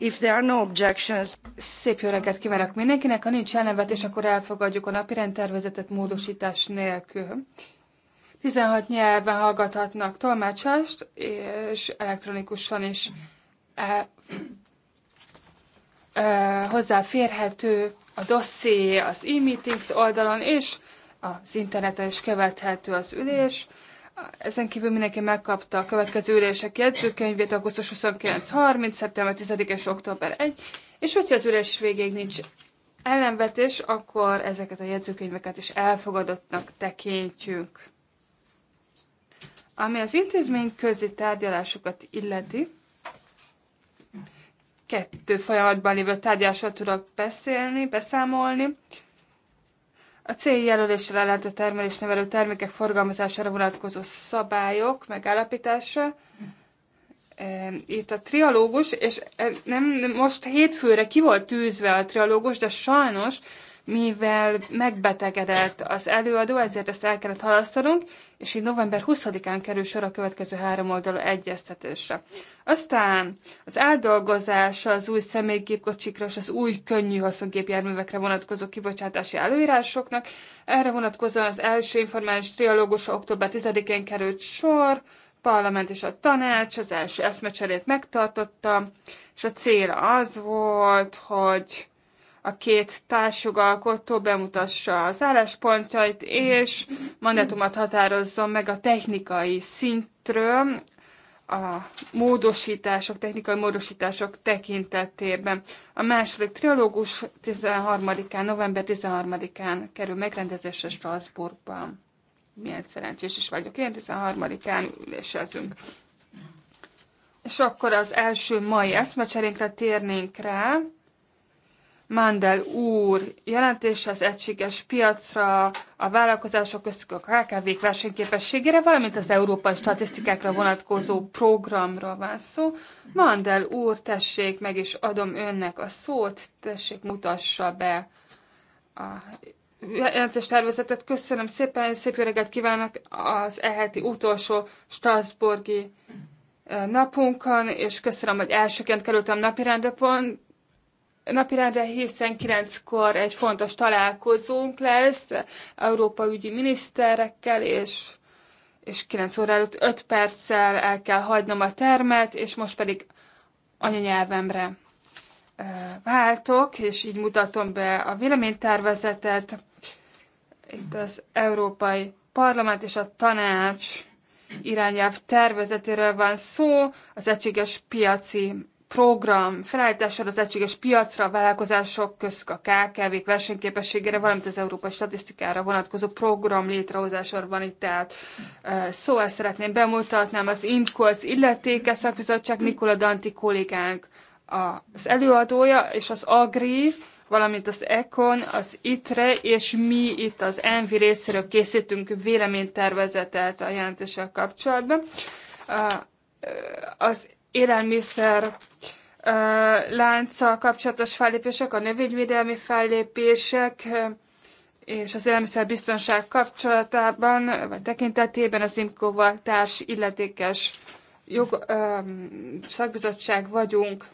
If there are no objections... Szép jó reggelt kívánok mindenkinek. Ha nincs ellenvetés, akkor elfogadjuk a napirend tervezetet módosítás nélkül. 16 nyelven hallgathatnak tolmácsást, és elektronikusan is e, e, hozzáférhető a dosszié az e-meetings oldalon, és az interneten is követhető az ülés. Mm. Ezen kívül mindenki megkapta a következő ülések jegyzőkönyvét, augusztus 29-30, szeptember 10 és október 1, és hogyha az ülés végéig nincs ellenvetés, akkor ezeket a jegyzőkönyveket is elfogadottnak tekintjük. Ami az intézmény közi tárgyalásokat illeti, kettő folyamatban lévő tárgyalásról tudok beszélni, beszámolni a céljelölésre ellentő termelés nevelő termékek forgalmazására vonatkozó szabályok megállapítása. Itt a trialógus, és nem, most hétfőre ki volt tűzve a trialógus, de sajnos mivel megbetegedett az előadó, ezért ezt el kellett halasztanunk, és így november 20-án kerül sor a következő három oldalú egyeztetésre. Aztán az eldolgozása az új személygépkocsikra és az új könnyű haszongépjárművekre vonatkozó kibocsátási előírásoknak. Erre vonatkozóan az első informális trialógus október 10-én került sor, parlament és a tanács az első eszmecserét megtartotta, és a cél az volt, hogy a két társjogalkotó bemutassa az álláspontjait, és mandátumot határozzon meg a technikai szintről, a módosítások, technikai módosítások tekintetében. A második trilógus 13-án, november 13-án kerül megrendezésre Strasbourgban. Milyen szerencsés is vagyok, én 13-án ülésezünk. És akkor az első mai eszmecserénkre térnénk rá. Mandel úr jelentése az egységes piacra, a vállalkozások köztük a kkv versenyképességére, valamint az európai statisztikákra vonatkozó programra van szó. Mandel úr, tessék, meg is adom önnek a szót, tessék, mutassa be a jelentős tervezetet. Köszönöm szépen, szép jó reggelt kívánok az eheti utolsó Strasburgi eh, napunkon, és köszönöm, hogy elsőként kerültem napirendre napirendre, hiszen kilenckor egy fontos találkozónk lesz Európa ügyi miniszterekkel, és, és 9 óra előtt 5 perccel el kell hagynom a termet, és most pedig anyanyelvemre váltok, és így mutatom be a véleménytervezetet. Itt az Európai Parlament és a Tanács irányelv tervezetéről van szó, az egységes piaci program felállítására az egységes piacra, a vállalkozások közt a KKV-k versenyképességére, valamint az európai statisztikára vonatkozó program létrehozásáról van itt tehát szó. Szóval ezt szeretném bemutatnám az IMCO, az illetéke szakbizottság Nikola Danti kollégánk az előadója, és az Agri, valamint az Econ, az ITRE, és mi itt az ENVI részéről készítünk véleménytervezetet a jelentéssel kapcsolatban. Az élelmiszer lánccal kapcsolatos fellépések, a növényvédelmi fellépések, és az élelmiszerbiztonság kapcsolatában, vagy tekintetében az IMCO-val társ illetékes jog, szakbizottság vagyunk.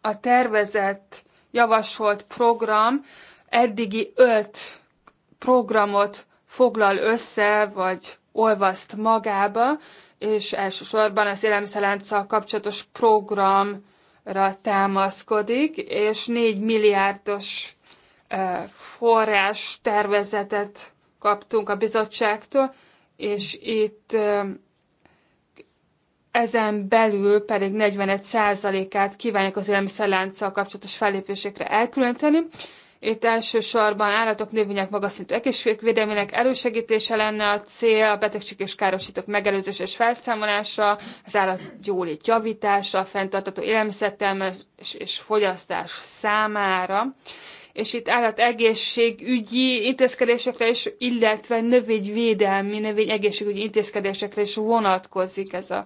A tervezett, javasolt program eddigi öt programot foglal össze, vagy olvaszt magába, és elsősorban az élelmiszerlánccal kapcsolatos programra támaszkodik, és 4 milliárdos forrás tervezetet kaptunk a bizottságtól, és itt ezen belül pedig 41%-át kívánják az élelmiszerlánccal kapcsolatos fellépésekre elkülöníteni, itt elsősorban állatok, növények magas szintű egészségvédelmének elősegítése lenne a cél, a betegség és károsítók megelőzés és felszámolása, az állat jólét javítása, a fenntartató élelmiszertelmes és fogyasztás számára és itt egészségügyi intézkedésekre is, illetve növényvédelmi, növényegészségügyi intézkedésekre is vonatkozik ez a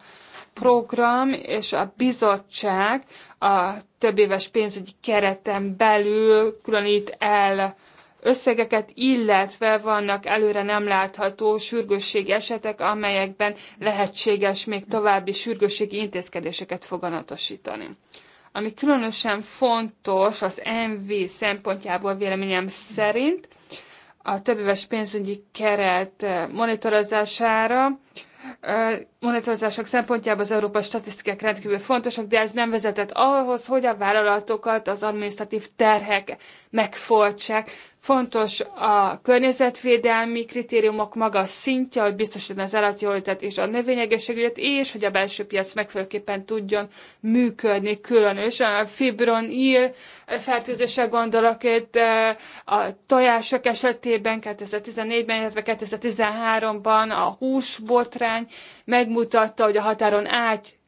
program és a bizottság a több éves pénzügyi kereten belül különít el összegeket, illetve vannak előre nem látható sürgősségi esetek, amelyekben lehetséges még további sürgősségi intézkedéseket foganatosítani. Ami különösen fontos az MV szempontjából véleményem szerint, a többéves pénzügyi keret eh, monitorozására monitorozások szempontjából az európai statisztikák rendkívül fontosak, de ez nem vezetett ahhoz, hogy a vállalatokat az administratív terhek megfoltsák. Fontos a környezetvédelmi kritériumok magas szintje, hogy biztosítani az állatjólétet és a növényegészségügyet, és hogy a belső piac megfelelőképpen tudjon működni különösen. A ill fertőzése gondolok itt eh, a tojások esetében 2014-ben, illetve 2013-ban a húsbotrány megmutatta, hogy a határon ágy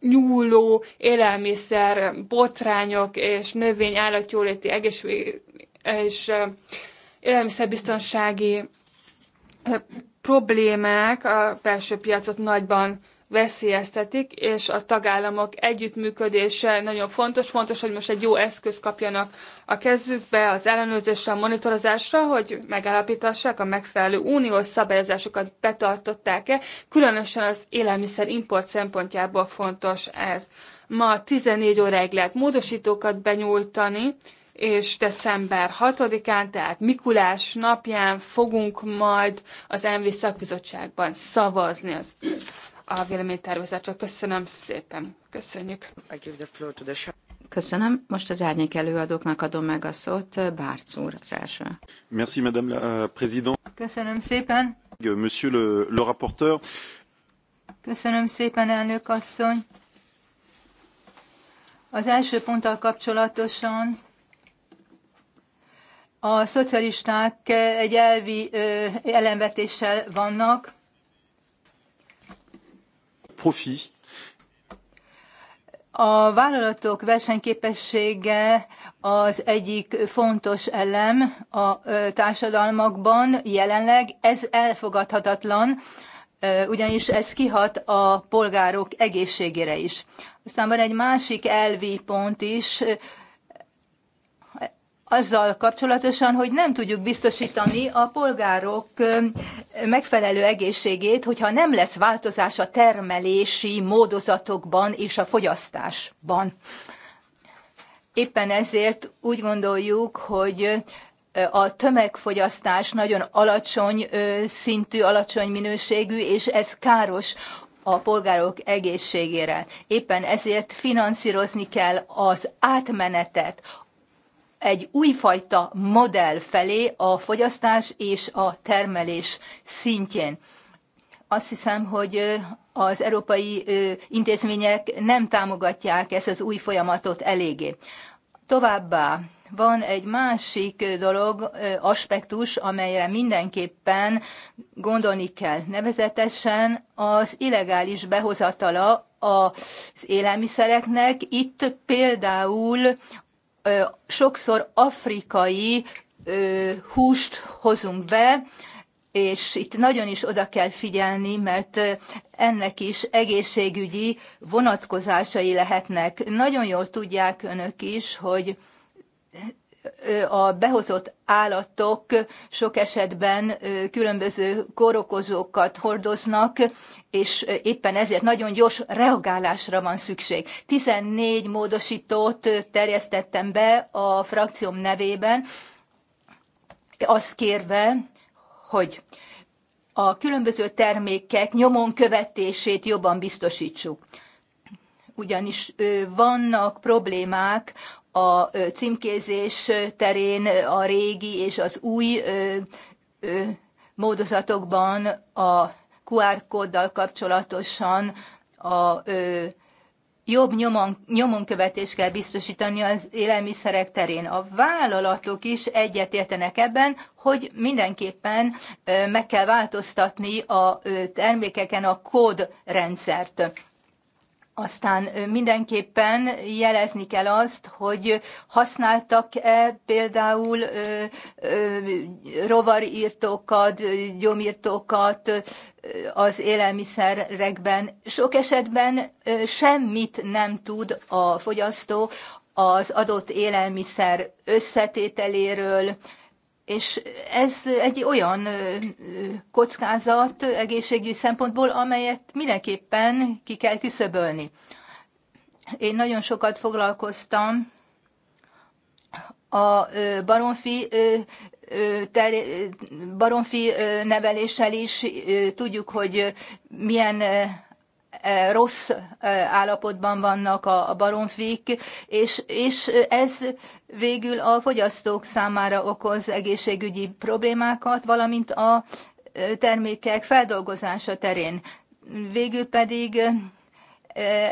nyúló élelmiszer, botrányok és növény állatjóléti egészség és élelmiszerbiztonsági problémák a belső piacot nagyban veszélyeztetik, és a tagállamok együttműködése nagyon fontos. Fontos, hogy most egy jó eszköz kapjanak a kezükbe az ellenőrzésre, a monitorozásra, hogy megállapítassák a megfelelő uniós szabályozásokat betartották-e. Különösen az élelmiszer import szempontjából fontos ez. Ma 14 óráig lehet módosítókat benyújtani, és december 6-án, tehát Mikulás napján fogunk majd az MV szakbizottságban szavazni az a véleménytervezetre. Köszönöm szépen. Köszönjük. Köszönöm. Most az árnyék előadóknak adom meg a szót. Bárc úr az első. Merci, madame la euh, président. Köszönöm szépen. Monsieur le, le rapporteur. Köszönöm szépen, elnök asszony. Az első ponttal kapcsolatosan a szocialisták egy elvi ellenvetéssel vannak. Profi. A vállalatok versenyképessége az egyik fontos elem a társadalmakban jelenleg. Ez elfogadhatatlan, ugyanis ez kihat a polgárok egészségére is. Aztán van egy másik elvi pont is, azzal kapcsolatosan, hogy nem tudjuk biztosítani a polgárok megfelelő egészségét, hogyha nem lesz változás a termelési módozatokban és a fogyasztásban. Éppen ezért úgy gondoljuk, hogy a tömegfogyasztás nagyon alacsony szintű, alacsony minőségű, és ez káros a polgárok egészségére. Éppen ezért finanszírozni kell az átmenetet egy újfajta modell felé a fogyasztás és a termelés szintjén. Azt hiszem, hogy az európai intézmények nem támogatják ezt az új folyamatot eléggé. Továbbá van egy másik dolog, aspektus, amelyre mindenképpen gondolni kell. Nevezetesen az illegális behozatala az élelmiszereknek. Itt például sokszor afrikai húst hozunk be, és itt nagyon is oda kell figyelni, mert ennek is egészségügyi vonatkozásai lehetnek. Nagyon jól tudják önök is, hogy a behozott állatok sok esetben különböző kórokozókat hordoznak, és éppen ezért nagyon gyors reagálásra van szükség. 14 módosítót terjesztettem be a frakcióm nevében, azt kérve, hogy a különböző termékek nyomon követését jobban biztosítsuk. Ugyanis vannak problémák a címkézés terén a régi és az új módozatokban a QR kóddal kapcsolatosan a ö, jobb nyomon, követés kell biztosítani az élelmiszerek terén. A vállalatok is egyetértenek ebben, hogy mindenképpen meg kell változtatni a termékeken a kódrendszert. Aztán mindenképpen jelezni kell azt, hogy használtak-e például ö, ö, rovarírtókat, gyomírtókat az élelmiszerekben. Sok esetben ö, semmit nem tud a fogyasztó az adott élelmiszer összetételéről, és ez egy olyan kockázat egészségügyi szempontból, amelyet mindenképpen ki kell küszöbölni. Én nagyon sokat foglalkoztam a baromfi ter, baromfi neveléssel is tudjuk, hogy milyen rossz állapotban vannak a baromfik, és, és ez végül a fogyasztók számára okoz egészségügyi problémákat, valamint a termékek feldolgozása terén. Végül pedig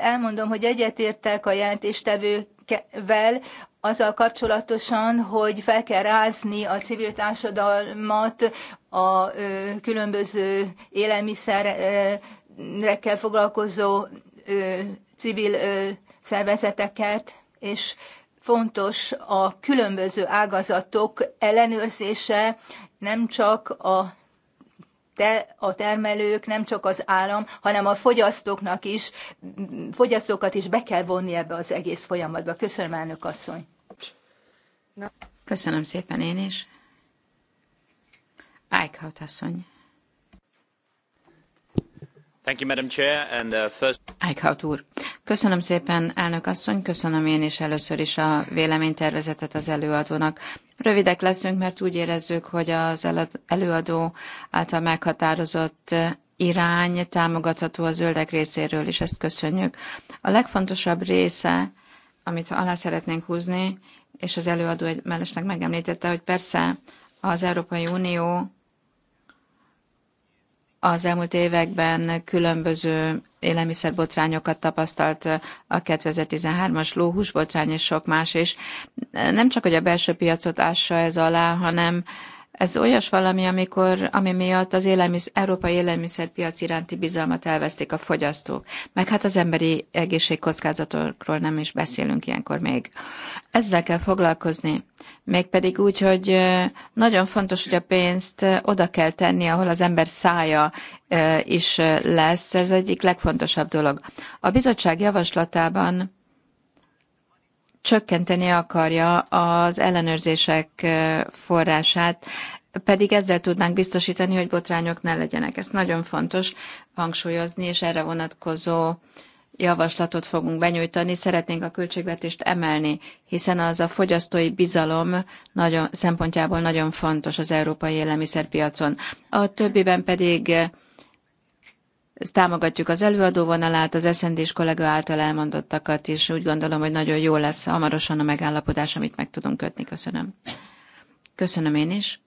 elmondom, hogy egyetértek a jelentéstevővel azzal kapcsolatosan, hogy fel kell rázni a civil társadalmat a különböző élelmiszer kell foglalkozó civil szervezeteket, és fontos a különböző ágazatok ellenőrzése, nem csak a te, a termelők, nem csak az állam, hanem a fogyasztóknak is, fogyasztókat is be kell vonni ebbe az egész folyamatba. Köszönöm, elnök asszony. Köszönöm szépen én is. Eichhaut asszony. Thank you, Madam Chair, and uh, first... Eichhout úr. Köszönöm szépen, elnök asszony, köszönöm én is először is a véleménytervezetet az előadónak. Rövidek leszünk, mert úgy érezzük, hogy az előadó által meghatározott irány támogatható a zöldek részéről, és ezt köszönjük. A legfontosabb része, amit alá szeretnénk húzni, és az előadó egy mellesleg megemlítette, hogy persze az Európai Unió az elmúlt években különböző élelmiszerbotrányokat tapasztalt a 2013-as lóhús botrány és sok más, és nem csak, hogy a belső piacot ássa ez alá, hanem ez olyas valami, amikor, ami miatt az élelmisz, európai élelmiszerpiac iránti bizalmat elvesztik a fogyasztók, meg hát az emberi egészség kockázatokról nem is beszélünk ilyenkor még. Ezzel kell foglalkozni, mégpedig úgy, hogy nagyon fontos, hogy a pénzt oda kell tenni, ahol az ember szája is lesz, ez egyik legfontosabb dolog. A bizottság javaslatában csökkenteni akarja az ellenőrzések forrását, pedig ezzel tudnánk biztosítani, hogy botrányok ne legyenek. Ez nagyon fontos hangsúlyozni, és erre vonatkozó javaslatot fogunk benyújtani, szeretnénk a költségvetést emelni, hiszen az a fogyasztói bizalom nagyon, szempontjából nagyon fontos az európai élelmiszerpiacon. A többiben pedig támogatjuk az előadó vonalát, az SZND-s kollega által elmondottakat, és úgy gondolom, hogy nagyon jó lesz hamarosan a megállapodás, amit meg tudunk kötni. Köszönöm. Köszönöm én is.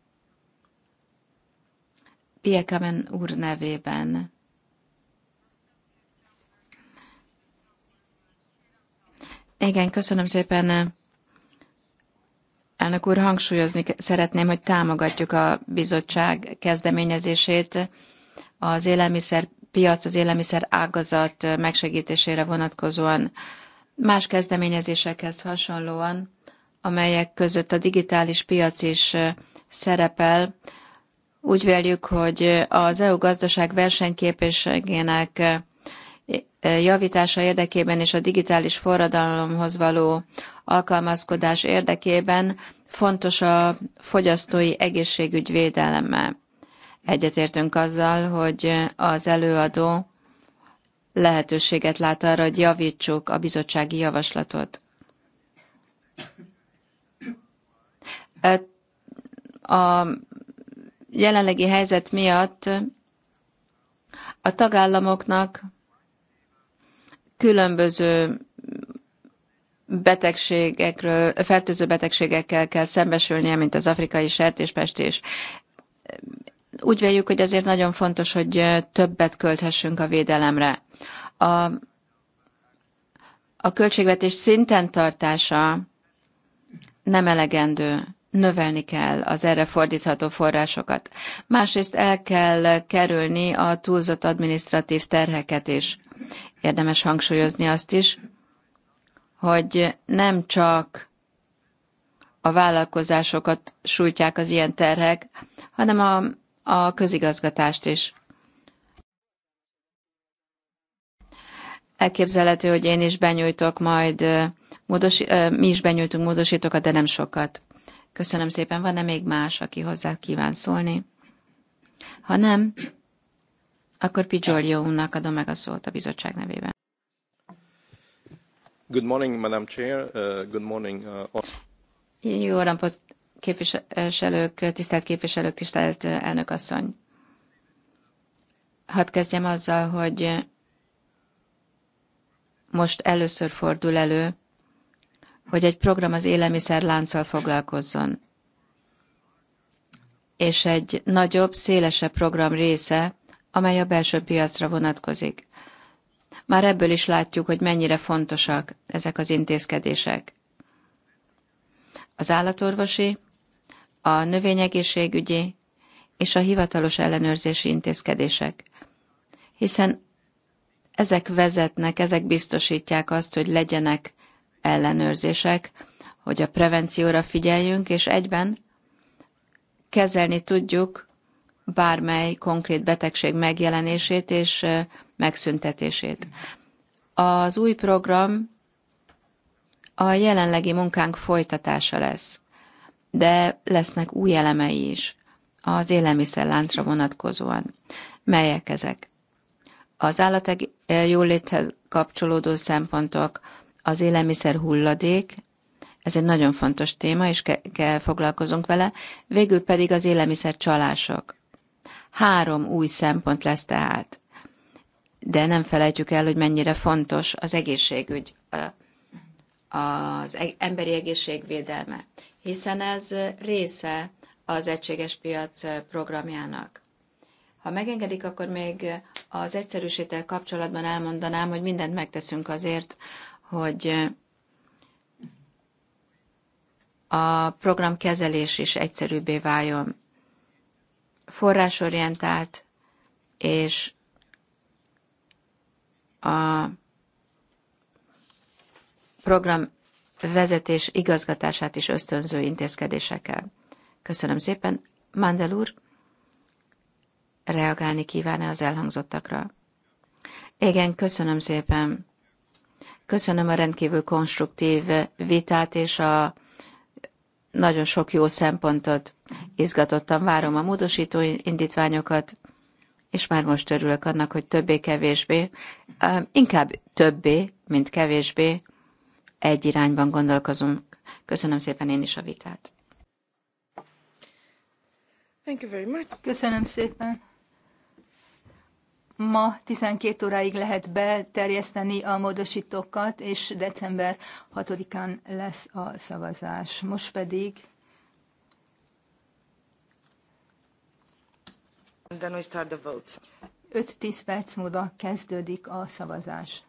Piekamen úr nevében. Igen, köszönöm szépen. Elnök úr, hangsúlyozni szeretném, hogy támogatjuk a bizottság kezdeményezését az élelmiszer piac, az élelmiszer ágazat megsegítésére vonatkozóan más kezdeményezésekhez hasonlóan, amelyek között a digitális piac is szerepel, úgy véljük, hogy az EU gazdaság versenyképességének javítása érdekében és a digitális forradalomhoz való alkalmazkodás érdekében fontos a fogyasztói egészségügy védelemmel. Egyetértünk azzal, hogy az előadó lehetőséget lát arra, hogy javítsuk a bizottsági javaslatot. A jelenlegi helyzet miatt a tagállamoknak különböző betegségekről, fertőző betegségekkel kell szembesülnie, mint az afrikai sertéspestés úgy véljük, hogy ezért nagyon fontos, hogy többet költhessünk a védelemre. A, a költségvetés szinten tartása nem elegendő. Növelni kell az erre fordítható forrásokat. Másrészt el kell kerülni a túlzott administratív terheket is. Érdemes hangsúlyozni azt is, hogy nem csak a vállalkozásokat sújtják az ilyen terhek, hanem a a közigazgatást is. Elképzelhető, hogy én is benyújtok majd, módos, mi is benyújtunk módosítókat, de nem sokat. Köszönöm szépen. Van-e még más, aki hozzá kíván szólni? Ha nem, akkor Pizsolio úrnak adom meg a szót a bizottság nevében. Good morning, Madam Chair. Uh, good morning. Uh, Jó napot képviselők, tisztelt képviselők, tisztelt elnökasszony. Hadd kezdjem azzal, hogy most először fordul elő, hogy egy program az élelmiszerlánccal foglalkozzon. És egy nagyobb, szélesebb program része, amely a belső piacra vonatkozik. Már ebből is látjuk, hogy mennyire fontosak ezek az intézkedések. Az állatorvosi a növényegészségügyi és a hivatalos ellenőrzési intézkedések, hiszen ezek vezetnek, ezek biztosítják azt, hogy legyenek ellenőrzések, hogy a prevencióra figyeljünk, és egyben kezelni tudjuk bármely konkrét betegség megjelenését és megszüntetését. Az új program a jelenlegi munkánk folytatása lesz de lesznek új elemei is az élelmiszerláncra vonatkozóan. Melyek ezek? Az állatek jóléthez kapcsolódó szempontok, az élelmiszer hulladék, ez egy nagyon fontos téma, és ke- kell foglalkozunk vele, végül pedig az élelmiszer csalások. Három új szempont lesz tehát. De nem felejtjük el, hogy mennyire fontos az egészségügy, az e-, emberi egészségvédelme hiszen ez része az egységes piac programjának. Ha megengedik, akkor még az egyszerűsítel kapcsolatban elmondanám, hogy mindent megteszünk azért, hogy a program kezelés is egyszerűbbé váljon. Forrásorientált és a program vezetés igazgatását is ösztönző intézkedésekkel. Köszönöm szépen. Mandel úr, reagálni kíván-e az elhangzottakra? Igen, köszönöm szépen. Köszönöm a rendkívül konstruktív vitát és a nagyon sok jó szempontot. Izgatottan várom a módosító indítványokat, és már most örülök annak, hogy többé-kevésbé, inkább többé, mint kevésbé, egy irányban gondolkozunk. Köszönöm szépen én is a vitát. Thank you very much. Köszönöm szépen. Ma 12 óráig lehet beterjeszteni a módosítókat, és december 6-án lesz a szavazás. Most pedig And 5-10 perc múlva kezdődik a szavazás.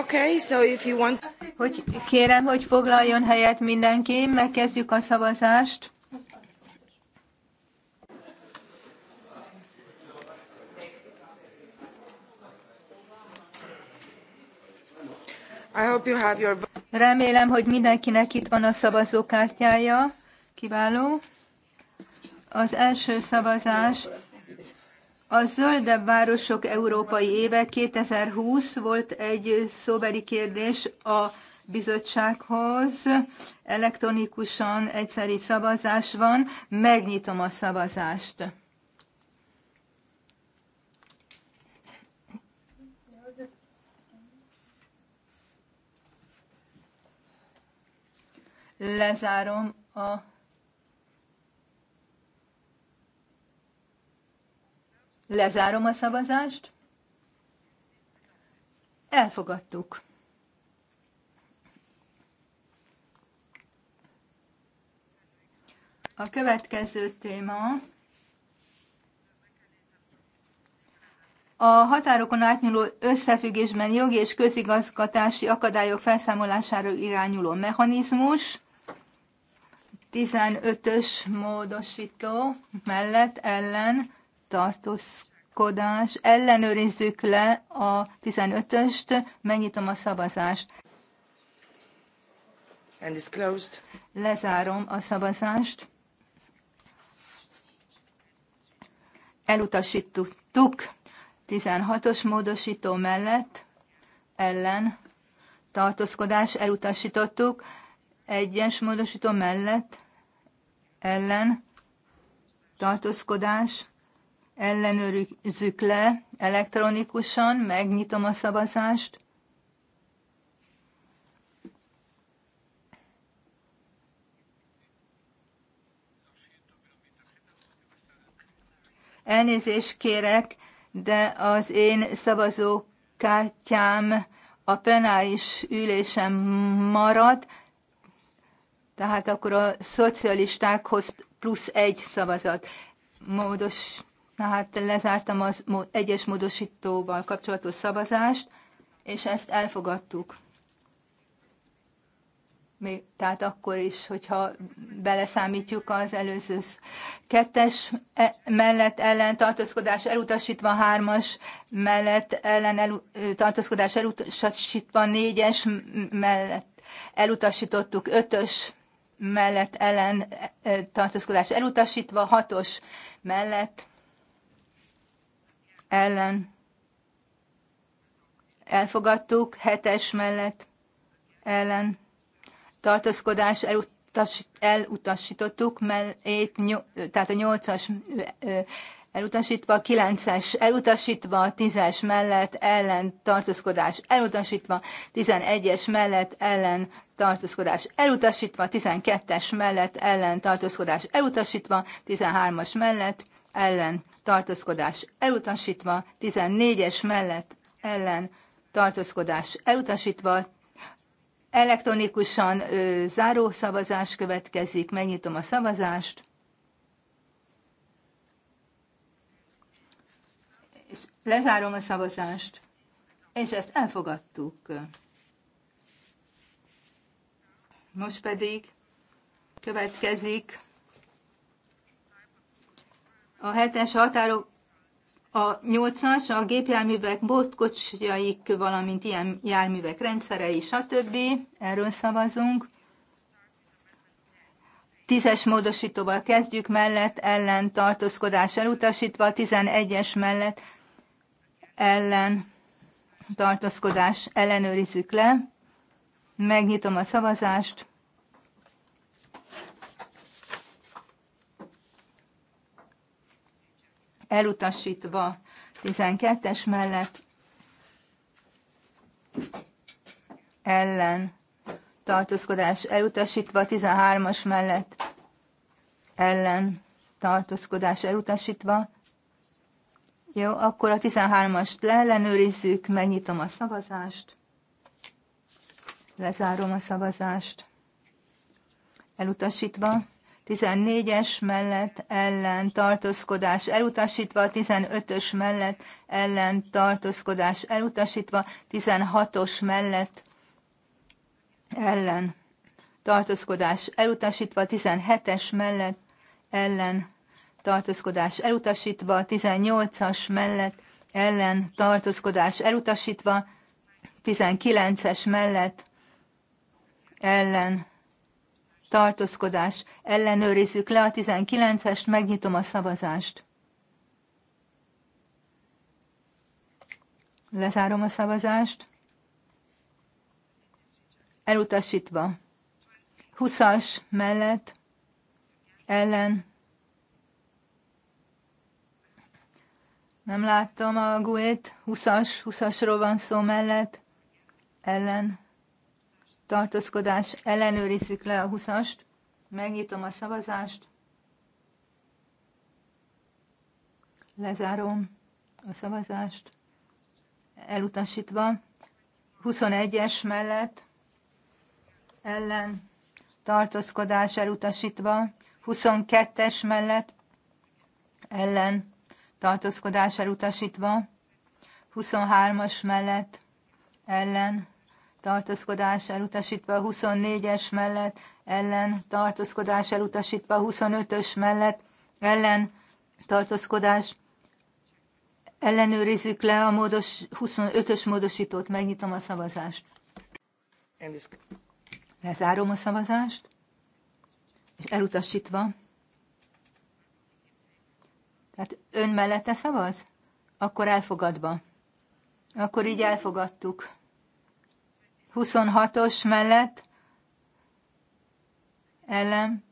Okay, so if you want... Hogy kérem, hogy foglaljon helyet mindenki, megkezdjük a szavazást. I hope you have your... Remélem, hogy mindenkinek itt van a szavazókártyája. Kiváló. Az első szavazás a Zöldebb Városok Európai Éve 2020 volt egy szóbeli kérdés a bizottsághoz. Elektronikusan egyszeri szavazás van. Megnyitom a szavazást. Lezárom a Lezárom a szavazást. Elfogadtuk. A következő téma a határokon átnyúló összefüggésben jogi és közigazgatási akadályok felszámolására irányuló mechanizmus. 15-ös módosító mellett ellen tartózkodás, ellenőrizzük le a 15-öst, megnyitom a szavazást. And it's closed. Lezárom a szavazást. Elutasítottuk 16-os módosító mellett, ellen tartózkodás elutasítottuk, egyes módosító mellett, ellen tartózkodás ellenőrizzük le elektronikusan, megnyitom a szavazást. Elnézést kérek, de az én szavazókártyám a penális ülésem marad, tehát akkor a szocialistákhoz plusz egy szavazat. Módos Na hát lezártam az egyes módosítóval kapcsolatos szavazást, és ezt elfogadtuk. Még, tehát akkor is, hogyha beleszámítjuk az előző kettes e, mellett ellen tartózkodás elutasítva, hármas mellett ellen elu, tartózkodás elutasítva, négyes mellett elutasítottuk, ötös mellett ellen e, tartózkodás elutasítva, hatos mellett ellen elfogadtuk, hetes mellett ellen tartózkodás elutas, elutasítottuk, mell, ét, nyol, tehát a nyolcas elutasítva, kilences elutasítva, tízes mellett ellen tartózkodás elutasítva, tizenegyes mellett ellen tartózkodás elutasítva, tizenkettes mellett ellen tartózkodás elutasítva, tizenhármas mellett ellen tartózkodás elutasítva, 14-es mellett ellen tartózkodás elutasítva, elektronikusan ö, záró szavazás következik, megnyitom a szavazást, és lezárom a szavazást, és ezt elfogadtuk. Most pedig következik a hetes határok, a nyolcas, a gépjárművek, botkocsjaik, valamint ilyen járművek rendszerei, stb. Erről szavazunk. Tízes módosítóval kezdjük, mellett ellen tartózkodás elutasítva, 11-es mellett ellen tartózkodás ellenőrizzük le. Megnyitom a szavazást. elutasítva 12-es mellett ellen tartózkodás elutasítva 13-as mellett ellen tartózkodás elutasítva. Jó, akkor a 13-ast leellenőrizzük, megnyitom a szavazást, lezárom a szavazást, elutasítva. 14-es mellett ellen tartózkodás elutasítva, 15-ös mellett ellen tartózkodás elutasítva, 16-os mellett ellen tartózkodás elutasítva, 17-es mellett ellen tartózkodás elutasítva, 18-as mellett ellen tartózkodás elutasítva, 19-es mellett ellen tartózkodás, ellenőrizzük le a 19-est, megnyitom a szavazást. Lezárom a szavazást. Elutasítva. 20-as mellett, ellen. Nem láttam a guét. 20-as, 20-asról van szó mellett, ellen tartózkodás, ellenőrizzük le a 20-ast, megnyitom a szavazást, lezárom a szavazást, elutasítva, 21-es mellett, ellen, tartózkodás elutasítva, 22-es mellett, ellen, tartózkodás elutasítva, 23-as mellett, ellen, tartózkodás elutasítva 24-es mellett, ellen tartózkodás elutasítva 25-ös mellett, ellen tartózkodás ellenőrizzük le a módos, 25-ös módosítót, megnyitom a szavazást. Lezárom a szavazást, és elutasítva. Tehát ön mellette szavaz? Akkor elfogadva. Akkor így elfogadtuk. 26-os mellett ellen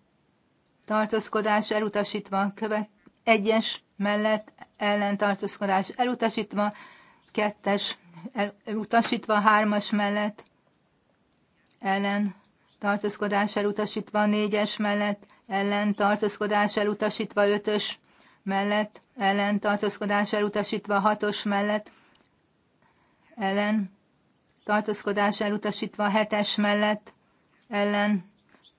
tartózkodás elutasítva, követ, egyes mellett ellen tartózkodás elutasítva, kettes elutasítva, hármas mellett ellen tartózkodás elutasítva, négyes mellett ellen tartózkodás elutasítva, ötös mellett ellen tartózkodás elutasítva, hatos mellett ellen tartózkodás elutasítva 7-es mellett ellen,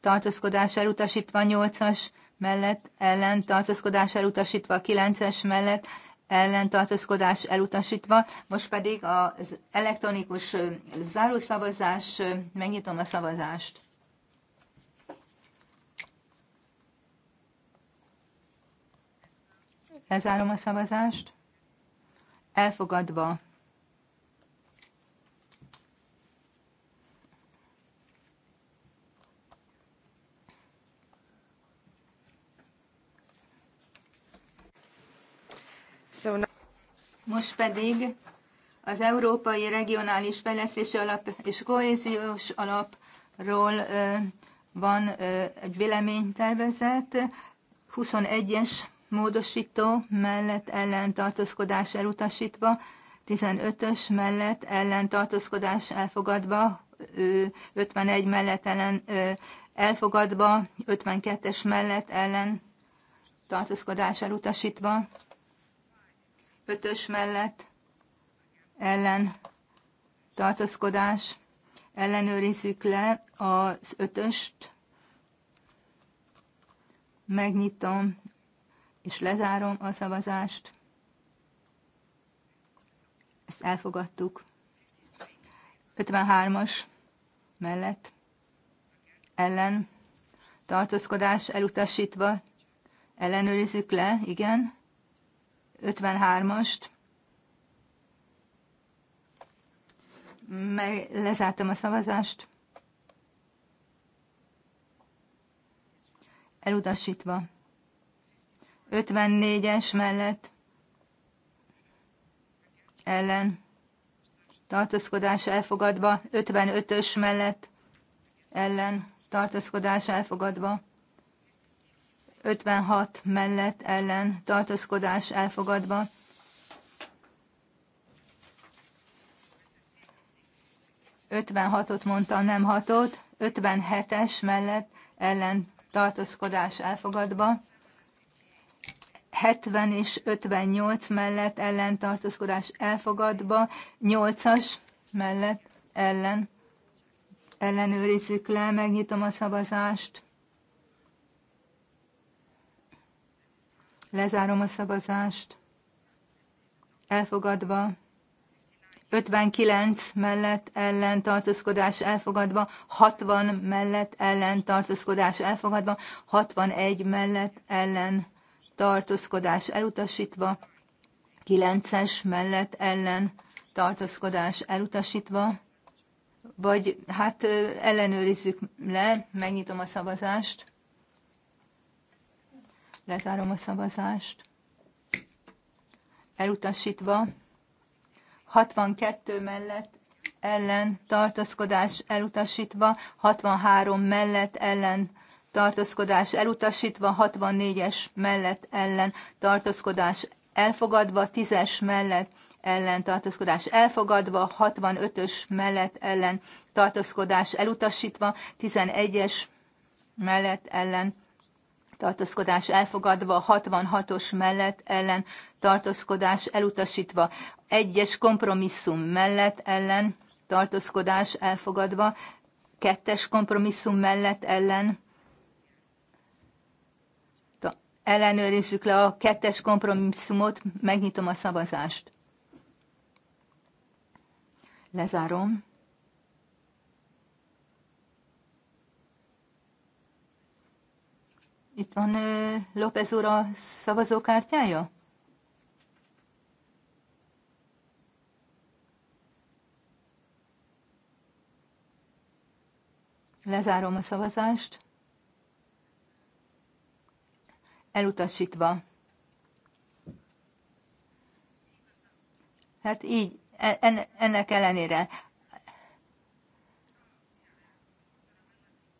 tartózkodás elutasítva 8-as mellett ellen, tartózkodás elutasítva 9-es mellett ellen tartózkodás elutasítva. Most pedig az elektronikus zárószavazás, megnyitom a szavazást. Lezárom a szavazást. Elfogadva. Most pedig az Európai Regionális Fejlesztési Alap és Kohéziós Alapról van egy véleménytervezet, 21-es módosító mellett ellentartózkodás elutasítva, 15-ös mellett ellentartózkodás elfogadva, 51 mellett ellen elfogadva, 52-es mellett ellen tartózkodás elutasítva, Ötös mellett ellen tartózkodás. Ellenőrizzük le az ötöst. Megnyitom és lezárom a szavazást. Ezt elfogadtuk. 53-as mellett ellen tartózkodás elutasítva ellenőrizzük le, igen. 53-ast. Meg lezártam a szavazást. Elutasítva. 54-es mellett ellen tartózkodás elfogadva, 55-ös mellett ellen tartózkodás elfogadva, 56 mellett ellen tartózkodás elfogadva. Ötvenhatot mondta nem hatot. 57-es mellett ellen tartózkodás elfogadva. 70 és 58 mellett ellen tartózkodás elfogadva. 8-as mellett ellen ellenőrizzük le, megnyitom a szavazást. Lezárom a szavazást. Elfogadva. 59 mellett ellen tartózkodás elfogadva, 60 mellett ellen tartózkodás elfogadva, 61 mellett ellen tartózkodás elutasítva, 9-es mellett ellen tartózkodás elutasítva, vagy hát ellenőrizzük le, megnyitom a szavazást. Lezárom a szavazást. Elutasítva. 62 mellett ellen tartózkodás elutasítva, 63 mellett ellen tartózkodás elutasítva, 64-es mellett ellen tartózkodás elfogadva, 10-es mellett ellen tartózkodás elfogadva, 65-ös mellett ellen tartózkodás elutasítva, 11-es mellett ellen tartózkodás elfogadva, 66-os mellett ellen tartózkodás elutasítva, egyes kompromisszum mellett ellen tartózkodás elfogadva, kettes kompromisszum mellett ellen ellenőrizzük le a kettes kompromisszumot, megnyitom a szavazást. Lezárom. Itt van López úr a szavazókártyája? Lezárom a szavazást. Elutasítva. Hát így, e-, ennek ellenére.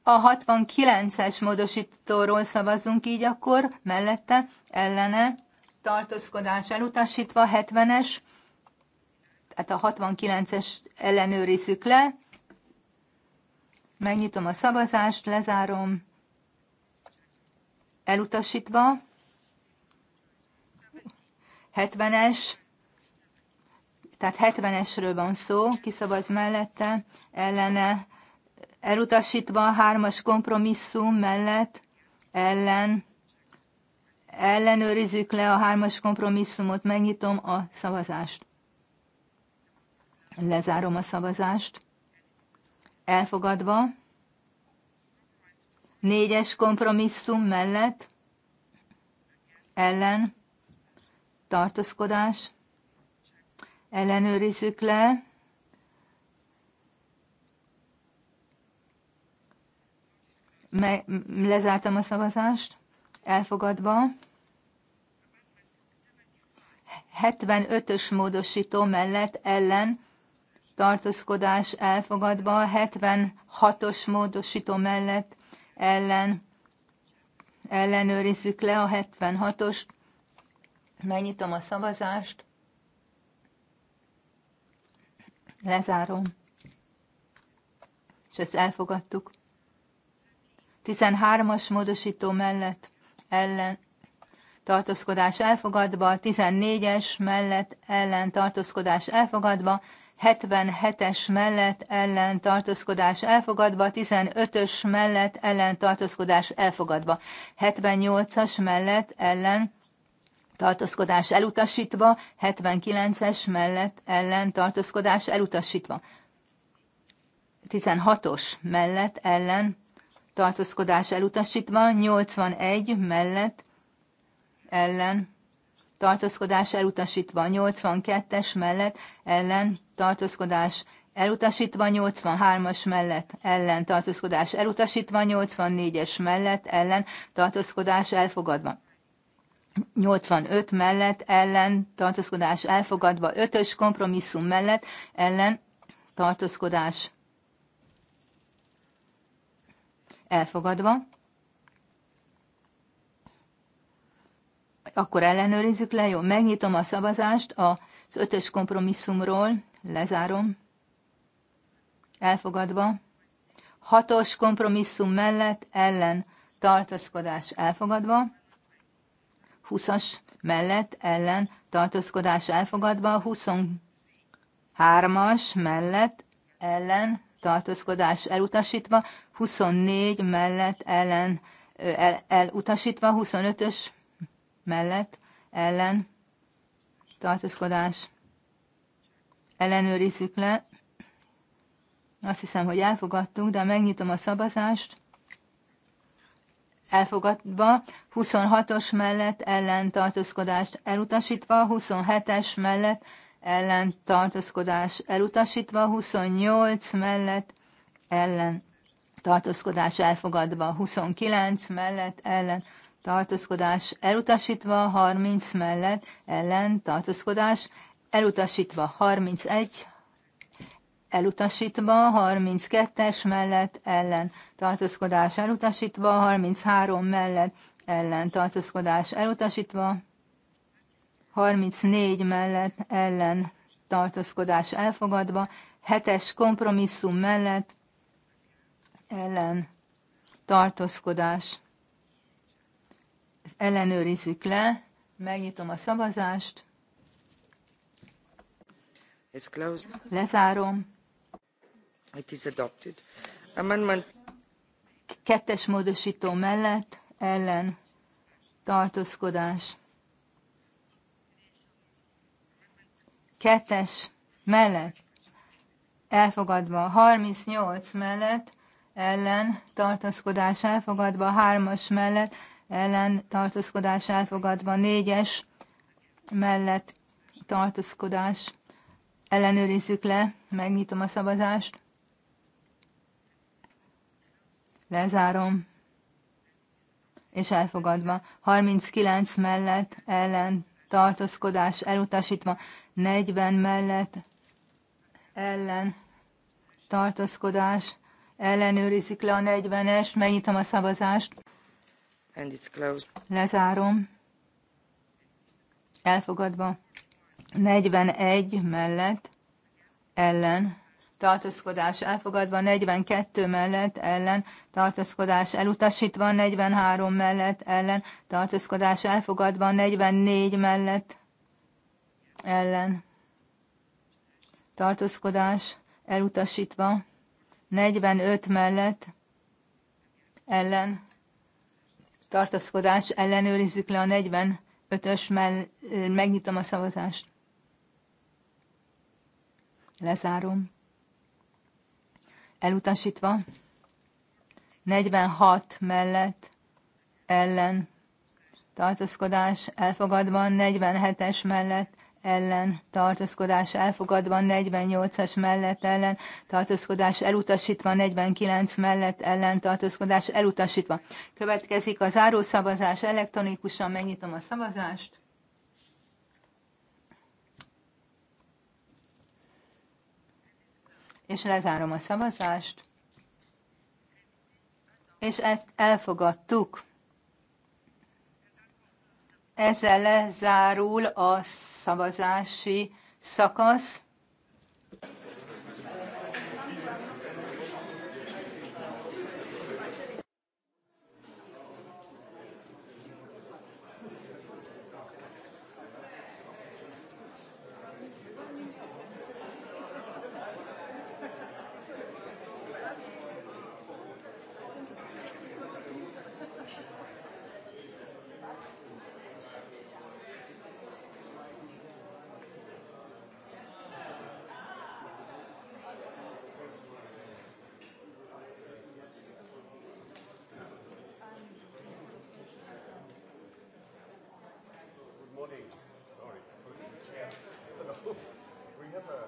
A 69-es módosítóról szavazunk így akkor, mellette, ellene, tartózkodás elutasítva, 70-es, tehát a 69-es ellenőrizzük le, megnyitom a szavazást, lezárom, elutasítva, 70-es, tehát 70-esről van szó, kiszavaz mellette, ellene, elutasítva a hármas kompromisszum mellett ellen ellenőrizzük le a hármas kompromisszumot, megnyitom a szavazást. Lezárom a szavazást. Elfogadva. Négyes kompromisszum mellett ellen tartózkodás. Ellenőrizzük le. Me- lezártam a szavazást, elfogadva. 75-ös módosító mellett ellen tartózkodás elfogadva, 76-os módosító mellett ellen ellenőrizzük le a 76 os Megnyitom a szavazást. Lezárom. És ezt elfogadtuk. 13-as módosító mellett ellen tartózkodás elfogadva, 14-es mellett ellen tartózkodás elfogadva, 77-es mellett ellen tartózkodás elfogadva, 15-ös mellett ellen tartózkodás elfogadva, 78-as mellett ellen tartózkodás elutasítva, 79-es mellett ellen tartózkodás elutasítva, 16-os mellett ellen tartózkodás elutasítva, 81 mellett ellen tartózkodás elutasítva, 82-es mellett ellen tartózkodás elutasítva, 83-as mellett ellen tartózkodás elutasítva, 84-es mellett ellen tartózkodás elfogadva. 85 mellett ellen tartózkodás elfogadva, 5-ös kompromisszum mellett ellen tartózkodás elfogadva. Akkor ellenőrizzük le, jó, megnyitom a szavazást az ötös kompromisszumról, lezárom, elfogadva. Hatos kompromisszum mellett ellen tartózkodás elfogadva. 20-as mellett ellen tartózkodás elfogadva, 23-as mellett ellen tartózkodás elutasítva, 24 mellett ellen el, elutasítva, 25-ös mellett ellen tartózkodás. Ellenőrizzük le. Azt hiszem, hogy elfogadtunk, de megnyitom a szavazást. Elfogadva, 26-os mellett ellen tartózkodást elutasítva, 27-es mellett ellen tartózkodás elutasítva, 28 mellett ellen tartózkodás elfogadva 29 mellett ellen tartózkodás elutasítva 30 mellett ellen tartózkodás elutasítva 31 elutasítva 32-es mellett ellen tartózkodás elutasítva 33 mellett ellen tartózkodás elutasítva 34 mellett ellen tartózkodás elfogadva 7-es kompromisszum mellett ellen tartózkodás. Ezt ellenőrizzük le, megnyitom a szavazást. It's closed. Lezárom. It is adopted. Amendment. Kettes módosító mellett ellen tartózkodás. Kettes mellett elfogadva, 38 mellett ellen tartózkodás elfogadva, hármas mellett ellen tartózkodás elfogadva, négyes mellett tartózkodás ellenőrizzük le, megnyitom a szavazást, lezárom, és elfogadva. 39 mellett ellen tartózkodás elutasítva, 40 mellett ellen tartózkodás ellenőrizzük le a 40-est, megnyitom a szavazást. And it's closed. Lezárom. Elfogadva. 41 mellett ellen tartózkodás elfogadva, 42 mellett ellen tartózkodás elutasítva, 43 mellett ellen tartózkodás elfogadva, 44 mellett ellen tartózkodás elutasítva. 45 mellett ellen tartaszkodás ellenőrizzük le a 45-ös, mert megnyitom a szavazást. Lezárom. Elutasítva. 46 mellett ellen tartózkodás elfogadva, 47-es mellett ellen tartózkodás elfogadva, 48-as mellett ellen tartózkodás elutasítva, 49 mellett ellen tartózkodás elutasítva. Következik a zárószavazás elektronikusan, megnyitom a szavazást. És lezárom a szavazást. És ezt elfogadtuk. Ezzel lezárul a szavazási szakasz. morning. Sorry. We have a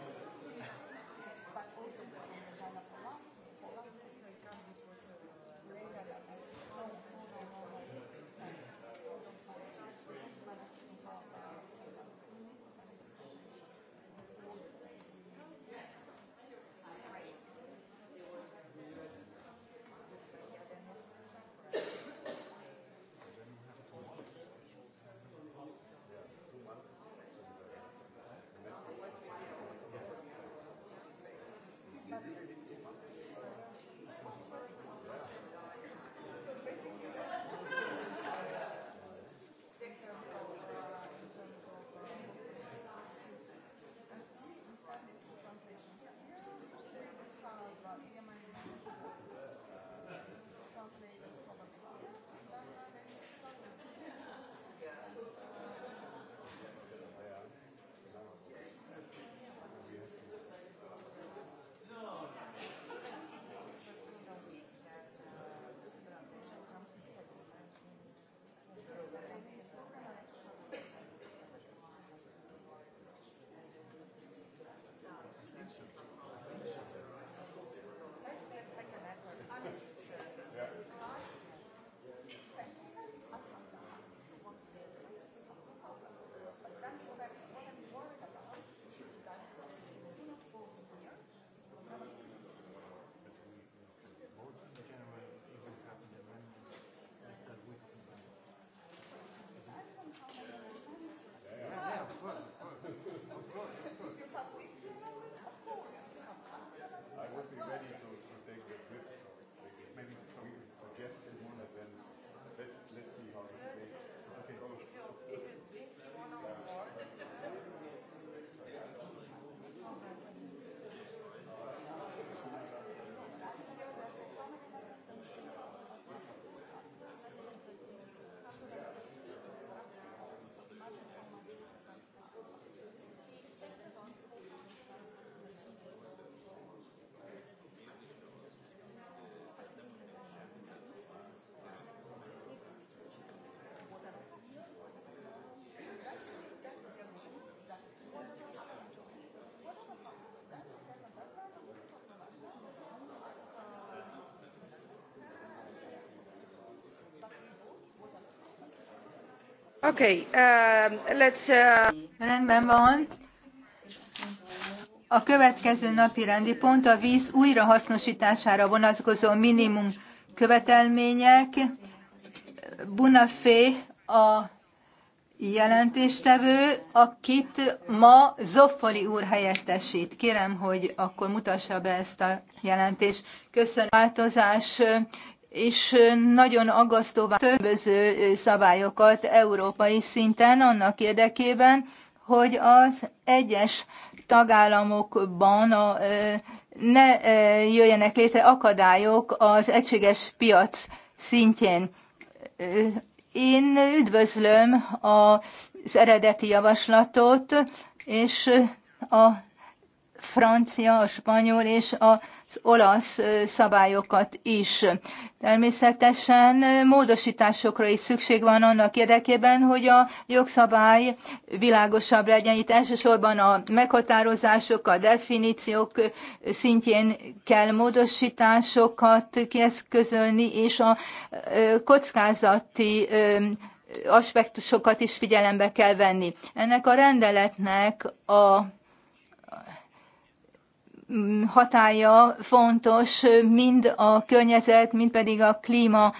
Okay, uh, let's, uh... Rendben van. A következő napi rendi pont a víz újrahasznosítására vonatkozó minimum követelmények. Bunafé a jelentéstevő, akit ma Zoffoli úr helyettesít. Kérem, hogy akkor mutassa be ezt a jelentést. Köszönöm. Változás és nagyon aggasztóvá többöző szabályokat európai szinten annak érdekében, hogy az egyes tagállamokban a, ne jöjjenek létre akadályok az egységes piac szintjén. Én üdvözlöm az eredeti javaslatot, és a francia, a spanyol és az olasz szabályokat is. Természetesen módosításokra is szükség van annak érdekében, hogy a jogszabály világosabb legyen. Itt elsősorban a meghatározások, a definíciók szintjén kell módosításokat kieszközölni, és a kockázati aspektusokat is figyelembe kell venni. Ennek a rendeletnek a hatája fontos mind a környezet, mind pedig a klíma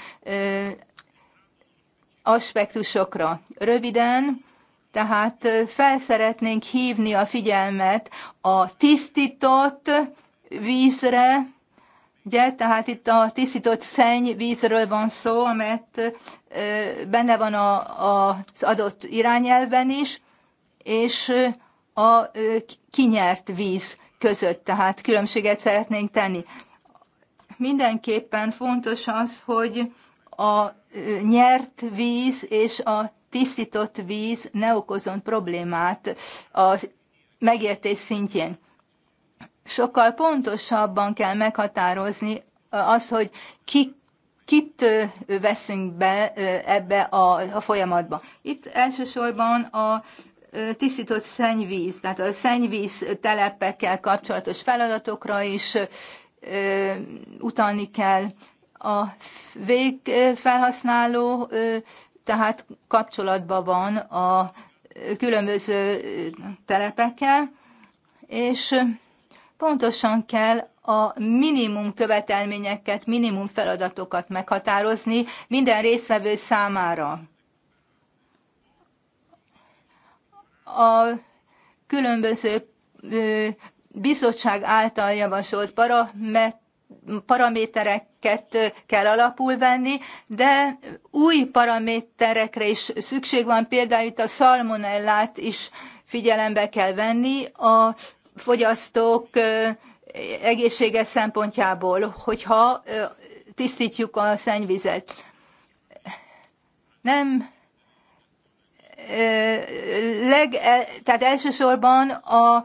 aspektusokra. Röviden, tehát fel szeretnénk hívni a figyelmet a tisztított vízre, ugye, tehát itt a tisztított szennyvízről van szó, amelyet benne van a, a, az adott irányelven is, és a kinyert víz között, tehát különbséget szeretnénk tenni. Mindenképpen fontos az, hogy a nyert víz és a tisztított víz ne okozon problémát a megértés szintjén. Sokkal pontosabban kell meghatározni az, hogy ki, kit veszünk be ebbe a, a folyamatba. Itt elsősorban a tisztított szennyvíz, tehát a szennyvíz telepekkel kapcsolatos feladatokra is utalni kell. A végfelhasználó tehát kapcsolatban van a különböző telepekkel, és pontosan kell a minimum követelményeket, minimum feladatokat meghatározni minden résztvevő számára. a különböző bizottság által javasolt paramétereket kell alapul venni, de új paraméterekre is szükség van, például itt a szalmonellát is figyelembe kell venni a fogyasztók egészséges szempontjából, hogyha tisztítjuk a szennyvizet. Nem leg, e, tehát elsősorban a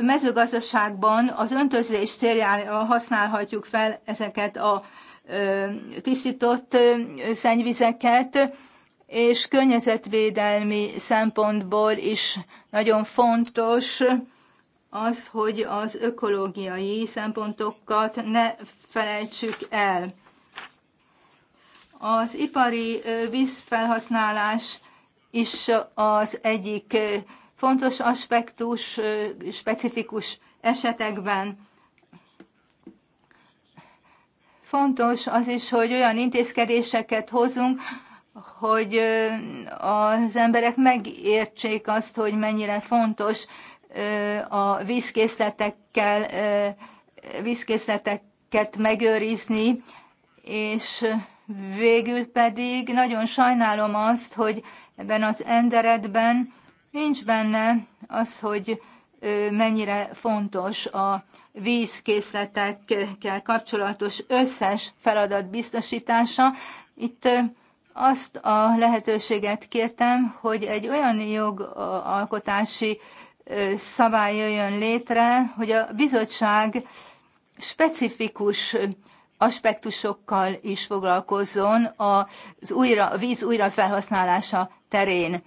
mezőgazdaságban az öntözés céljára használhatjuk fel ezeket a tisztított szennyvizeket, és környezetvédelmi szempontból is nagyon fontos az, hogy az ökológiai szempontokat ne felejtsük el. Az ipari vízfelhasználás is az egyik fontos aspektus specifikus esetekben. Fontos az is, hogy olyan intézkedéseket hozunk, hogy az emberek megértsék azt, hogy mennyire fontos a vízkészletekkel, vízkészleteket megőrizni, és végül pedig nagyon sajnálom azt, hogy ebben az enderedben nincs benne az, hogy mennyire fontos a vízkészletekkel kapcsolatos összes feladat biztosítása. Itt azt a lehetőséget kértem, hogy egy olyan jogalkotási szabály jöjjön létre, hogy a bizottság specifikus aspektusokkal is foglalkozzon az újra, a víz újrafelhasználása terén.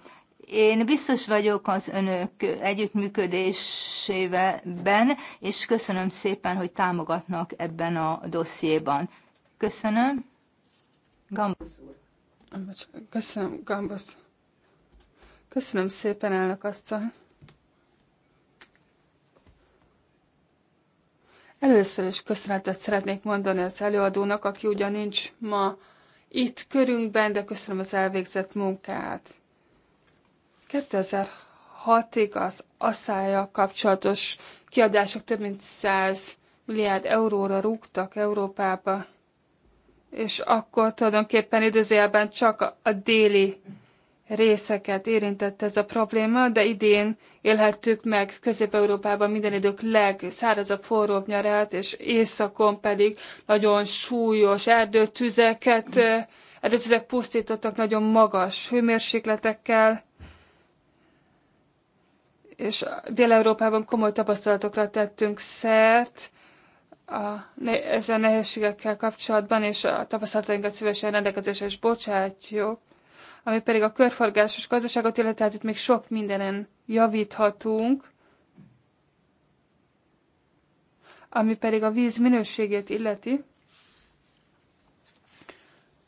Én biztos vagyok az önök együttműködésében, és köszönöm szépen, hogy támogatnak ebben a dossziéban. Köszönöm. Gambusz úr. Köszönöm, Gambusz. Köszönöm szépen, elnök asszony. Először is köszönetet szeretnék mondani az előadónak, aki ugyan nincs ma itt körünkben, de köszönöm az elvégzett munkát. 2006-ig az asszája kapcsolatos kiadások több mint 100 milliárd euróra rúgtak Európába, és akkor tulajdonképpen időzőjelben csak a déli részeket érintett ez a probléma, de idén élhettük meg Közép-Európában minden idők legszárazabb, forróbb nyarát, és északon pedig nagyon súlyos erdőtüzeket, erdőtüzek pusztítottak nagyon magas hőmérsékletekkel, és Dél-Európában komoly tapasztalatokra tettünk szert a, ezen nehézségekkel kapcsolatban, és a tapasztalatainkat szívesen rendelkezésre is bocsátjuk ami pedig a körforgásos gazdaságot illeti, tehát itt még sok mindenen javíthatunk, ami pedig a víz minőségét illeti.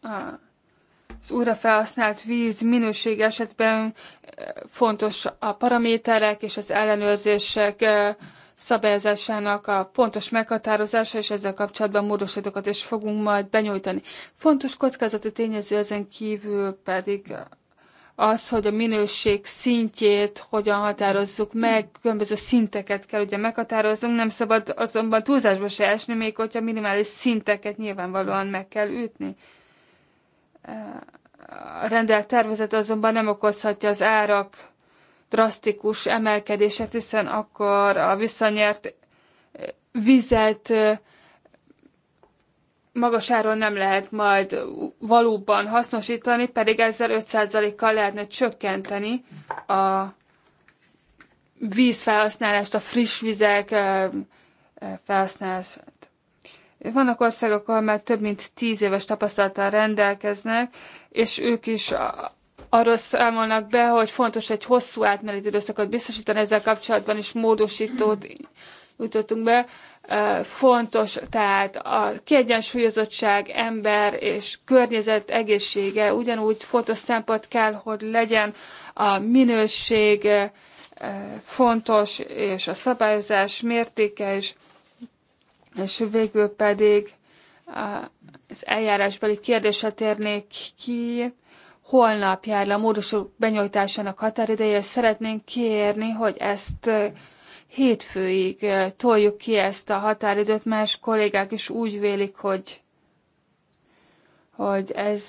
Az újra felhasznált víz minőség esetben eh, fontos a paraméterek és az ellenőrzések eh, szabályozásának a pontos meghatározása, és ezzel kapcsolatban módosítókat is fogunk majd benyújtani. Fontos kockázati tényező ezen kívül pedig az, hogy a minőség szintjét hogyan határozzuk meg, különböző szinteket kell ugye meghatároznunk, nem szabad azonban túlzásba se esni, még hogyha minimális szinteket nyilvánvalóan meg kell ütni. A rendelt tervezet azonban nem okozhatja az árak drasztikus emelkedéset, hiszen akkor a visszanyert eh, vizet eh, magas nem lehet majd valóban hasznosítani, pedig ezzel 5%-kal lehetne csökkenteni a vízfelhasználást, a friss vizek eh, felhasználását. Vannak országok, ahol már több mint tíz éves tapasztalattal rendelkeznek, és ők is arról számolnak be, hogy fontos egy hosszú átmeneti időszakot biztosítani, ezzel kapcsolatban is módosítót jutottunk be. Fontos, tehát a kiegyensúlyozottság, ember és környezet egészsége ugyanúgy fontos szempont kell, hogy legyen a minőség fontos, és a szabályozás mértéke is, és végül pedig az eljárásbeli kérdésre térnék ki, holnap jár le a módosok benyújtásának határideje, és szeretnénk kérni, hogy ezt hétfőig toljuk ki ezt a határidőt, más kollégák is úgy vélik, hogy, hogy ez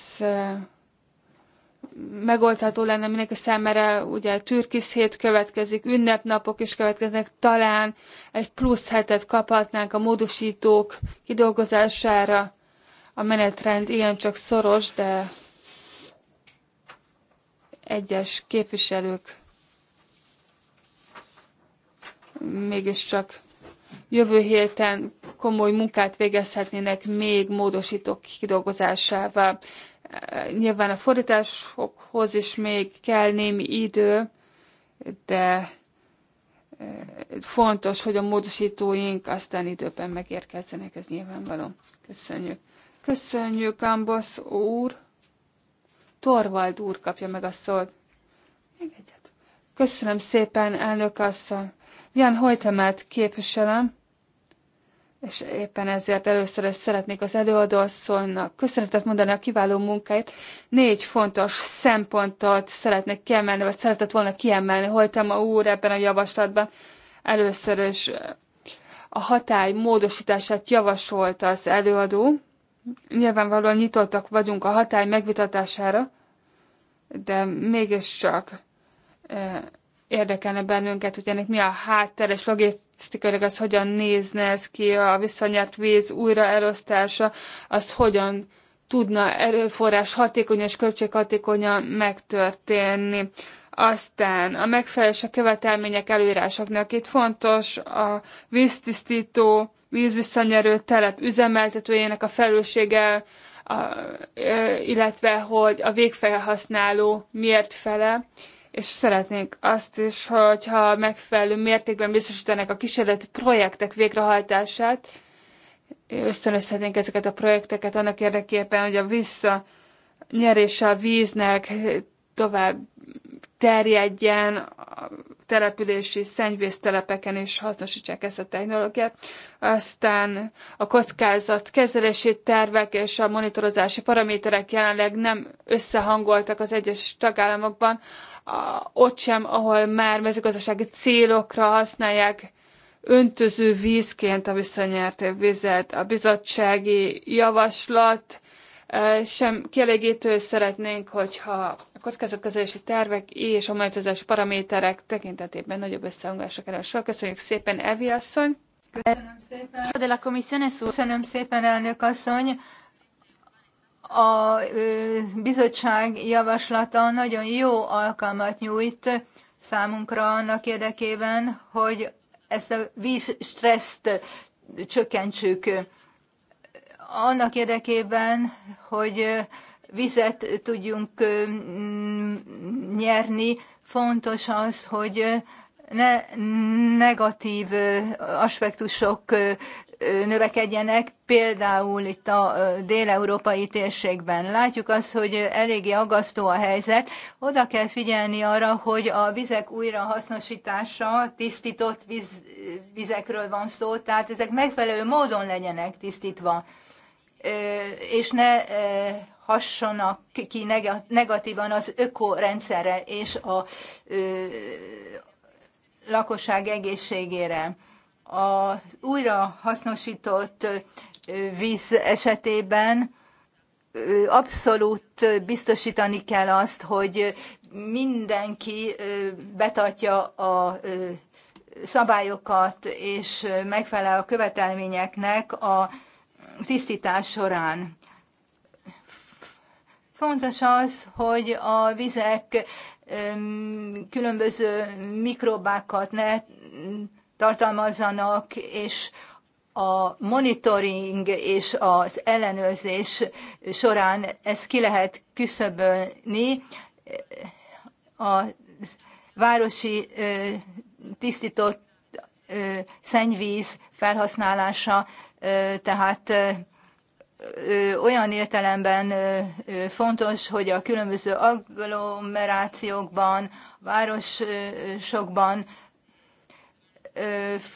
megoldható lenne mindenki számára, ugye türkisz hét következik, ünnepnapok is következnek, talán egy plusz hetet kaphatnánk a módosítók kidolgozására. A menetrend ilyen csak szoros, de egyes képviselők mégiscsak jövő héten komoly munkát végezhetnének még módosítók kidolgozásával. Nyilván a fordításokhoz is még kell némi idő, de eh, fontos, hogy a módosítóink aztán időben megérkezzenek, ez nyilvánvaló. Köszönjük. Köszönjük, Ambasz úr! Torvald úr kapja meg a szót. Még egyet. Köszönöm szépen, elnök asszony. Jan Hojtemelt képviselem, és éppen ezért először is szeretnék az előadóasszonynak köszönetet mondani a kiváló munkáért. Négy fontos szempontot szeretnék kiemelni, vagy szeretett volna kiemelni Hojtema úr ebben a javaslatban. Először is a hatály módosítását javasolta az előadó. Nyilvánvalóan nyitottak vagyunk a hatály megvitatására, de mégiscsak érdekelne bennünket, hogy ennek mi a háttere, és logisztikailag az hogyan nézne ez ki, a visszanyert víz újra elosztása, az hogyan tudna erőforrás hatékony és költséghatékonyan megtörténni. Aztán a megfelelés a követelmények előírásoknak. Itt fontos a víztisztító, vízvisszanyerő telep üzemeltetőjének a felelőssége, a, illetve hogy a végfelhasználó miért fele, és szeretnénk azt is, hogyha megfelelő mértékben biztosítanak a kísérleti projektek végrehajtását, ösztönözhetnénk ezeket a projekteket annak érdekében, hogy a visszanyerése a víznek tovább terjedjen a települési szennyvésztelepeken is hasznosítsák ezt a technológiát. Aztán a kockázat kezelési tervek és a monitorozási paraméterek jelenleg nem összehangoltak az egyes tagállamokban, ott sem, ahol már mezőgazdasági célokra használják öntöző vízként a visszanyert vizet. A bizottsági javaslat sem kielégítő szeretnénk, hogyha a kockázatkezelési tervek és a monitorozási paraméterek tekintetében nagyobb összehangolásra kerül sor. Köszönjük szépen, Evi asszony! Köszönöm szépen. Szóval Köszönöm szépen, elnök asszony! A bizottság javaslata nagyon jó alkalmat nyújt számunkra annak érdekében, hogy ezt a vízstresszt csökkentsük annak érdekében, hogy vizet tudjunk nyerni, fontos az, hogy ne negatív aspektusok növekedjenek, például itt a déleurópai térségben. Látjuk azt, hogy eléggé aggasztó a helyzet. Oda kell figyelni arra, hogy a vizek újrahasznosítása, tisztított víz, vizekről van szó, tehát ezek megfelelő módon legyenek tisztítva és ne hassanak ki negatívan az ökorendszerre és a lakosság egészségére. a újra hasznosított víz esetében abszolút biztosítani kell azt, hogy mindenki betartja a szabályokat és megfelel a követelményeknek a tisztítás során. Fontos az, hogy a vizek különböző mikrobákat ne tartalmazzanak, és a monitoring és az ellenőrzés során ezt ki lehet küszöbölni. A városi tisztított szennyvíz felhasználása tehát olyan értelemben fontos, hogy a különböző agglomerációkban, városokban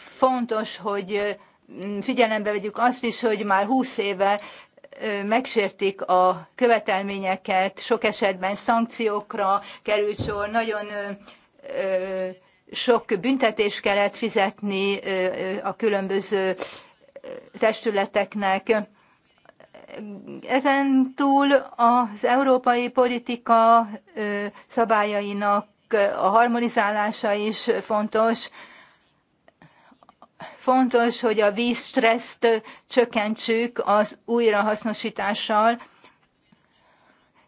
fontos, hogy figyelembe vegyük azt is, hogy már 20 éve megsértik a követelményeket, sok esetben szankciókra került sor, nagyon sok büntetés kellett fizetni a különböző testületeknek. Ezen túl az európai politika szabályainak a harmonizálása is fontos. Fontos, hogy a vízstresszt csökkentsük az újrahasznosítással,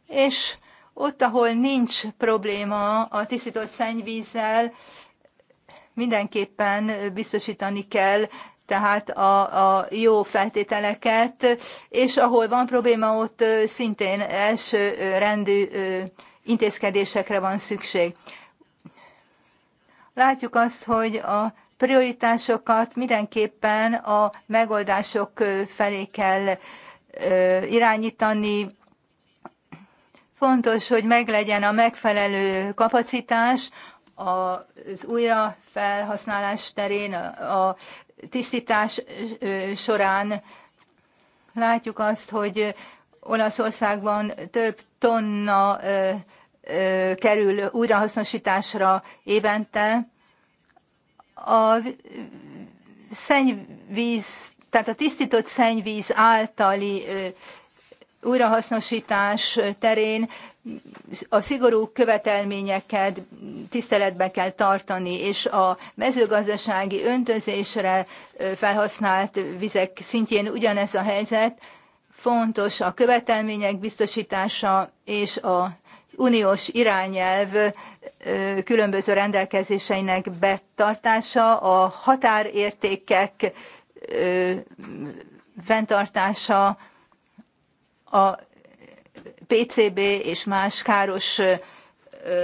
és ott, ahol nincs probléma a tisztított szennyvízzel, mindenképpen biztosítani kell tehát a, a jó feltételeket, és ahol van probléma, ott szintén első rendű intézkedésekre van szükség. Látjuk azt, hogy a prioritásokat mindenképpen a megoldások felé kell irányítani. Fontos, hogy meglegyen a megfelelő kapacitás az újrafelhasználás terén, a tisztítás során látjuk azt, hogy Olaszországban több tonna kerül újrahasznosításra évente. A szennyvíz, tehát a tisztított szennyvíz általi újrahasznosítás terén a szigorú követelményeket tiszteletbe kell tartani, és a mezőgazdasági öntözésre felhasznált vizek szintjén ugyanez a helyzet, fontos a követelmények biztosítása és a uniós irányelv különböző rendelkezéseinek betartása, a határértékek fenntartása, a PCB és más káros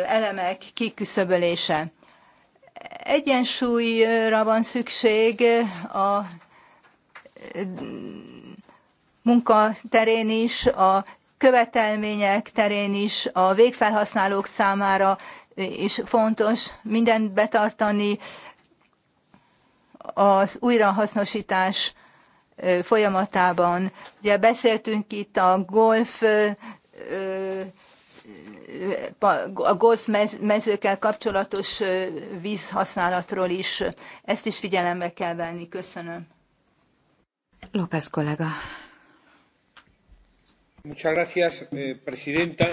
elemek kiküszöbölése. Egyensúlyra van szükség a munka terén is, a követelmények terén is, a végfelhasználók számára is fontos mindent betartani, az újrahasznosítás folyamatában. Ugye beszéltünk itt a golf a golf mezőkkel kapcsolatos vízhasználatról is. Ezt is figyelembe kell venni. Köszönöm. López kollega. Muchas gracias, eh, presidenta.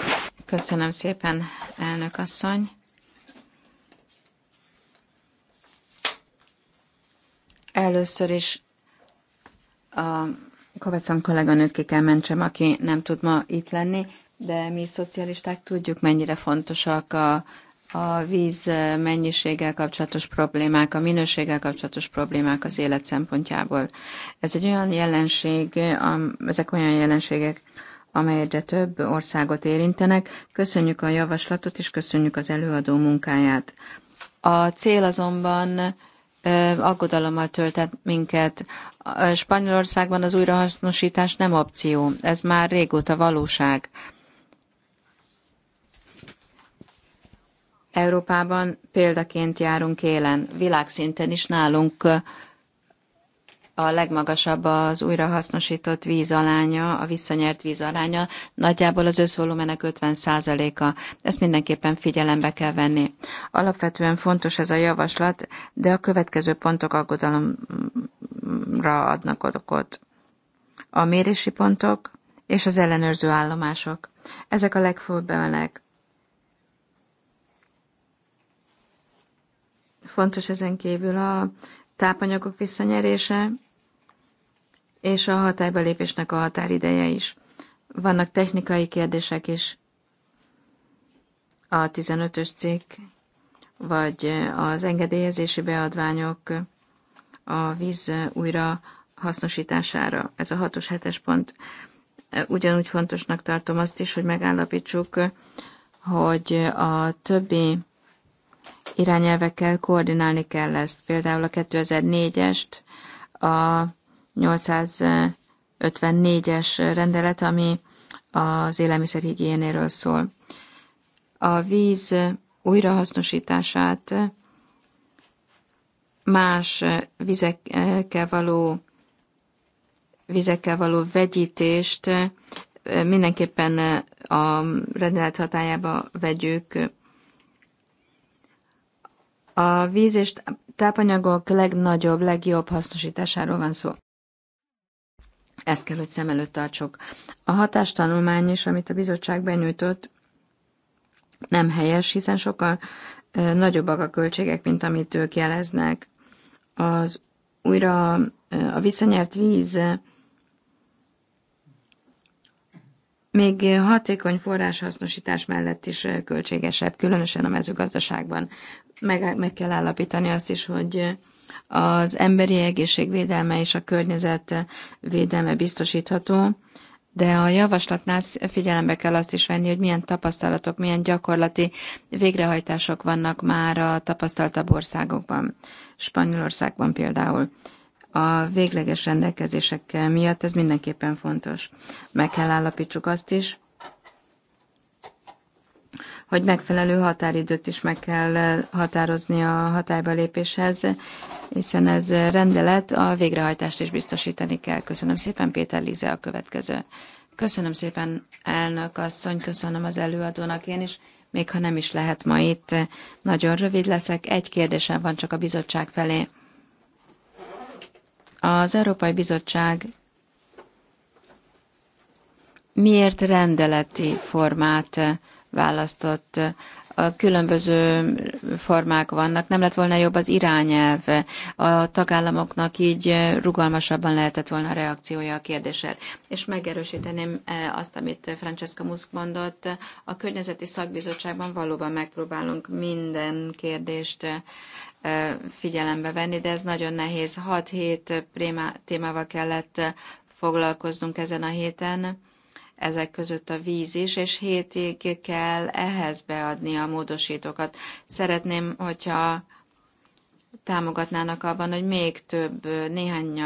Köszönöm szépen, elnök asszony. Először is a Kovacon kolléganőt ki kell mentsem, aki nem tud ma itt lenni, de mi szocialisták tudjuk, mennyire fontosak a, a víz mennyiséggel kapcsolatos problémák, a minőséggel kapcsolatos problémák az élet szempontjából. Ez egy olyan jelenség, ezek olyan jelenségek, amelyre több országot érintenek. Köszönjük a javaslatot, és köszönjük az előadó munkáját. A cél azonban aggodalommal töltett minket. Spanyolországban az újrahasznosítás nem opció, ez már régóta valóság. Európában példaként járunk élen, világszinten is nálunk a legmagasabb az újrahasznosított víz alánya, a visszanyert víz alánya, nagyjából az összvolumenek 50%-a. Ezt mindenképpen figyelembe kell venni. Alapvetően fontos ez a javaslat, de a következő pontok aggodalomra adnak okot. A mérési pontok és az ellenőrző állomások. Ezek a legfőbb Fontos ezen kívül a tápanyagok visszanyerése, és a hatályba lépésnek a határideje is. Vannak technikai kérdések is. A 15-ös cikk, vagy az engedélyezési beadványok a víz újra hasznosítására. Ez a 6-os 7-es pont. Ugyanúgy fontosnak tartom azt is, hogy megállapítsuk, hogy a többi irányelvekkel koordinálni kell ezt. Például a 2004-est, a 854-es rendelet, ami az élelmiszerhigiénéről szól. A víz újrahasznosítását más vizekkel való, vizekkel való vegyítést mindenképpen a rendelet hatájába vegyük. A víz és tápanyagok legnagyobb, legjobb hasznosításáról van szó. Ezt kell, hogy szem előtt tartsuk. A hatástanulmány is, amit a bizottság benyújtott, nem helyes, hiszen sokkal nagyobbak a költségek, mint amit ők jeleznek. Az újra a visszanyert víz még hatékony forráshasznosítás mellett is költségesebb, különösen a mezőgazdaságban. Meg, meg kell állapítani azt is, hogy az emberi egészségvédelme és a környezet védelme biztosítható, de a javaslatnál figyelembe kell azt is venni, hogy milyen tapasztalatok, milyen gyakorlati végrehajtások vannak már a tapasztaltabb országokban, Spanyolországban például. A végleges rendelkezések miatt ez mindenképpen fontos. Meg kell állapítsuk azt is, hogy megfelelő határidőt is meg kell eh, határozni a hatályba lépéshez, hiszen ez eh, rendelet, a végrehajtást is biztosítani kell. Köszönöm szépen, Péter Lize a következő. Köszönöm szépen, elnök asszony, köszönöm az előadónak én is, még ha nem is lehet ma itt. Nagyon rövid leszek, egy kérdésem van csak a bizottság felé. Az Európai Bizottság miért rendeleti formát eh, választott. A különböző formák vannak, nem lett volna jobb az irányelv. A tagállamoknak így rugalmasabban lehetett volna a reakciója a kérdésre. És megerősíteném azt, amit Francesca Musk mondott, a környezeti szakbizottságban valóban megpróbálunk minden kérdést figyelembe venni, de ez nagyon nehéz. 6-7 témával kellett foglalkoznunk ezen a héten ezek között a víz is, és hétig kell ehhez beadni a módosítókat. Szeretném, hogyha támogatnának abban, hogy még több, néhány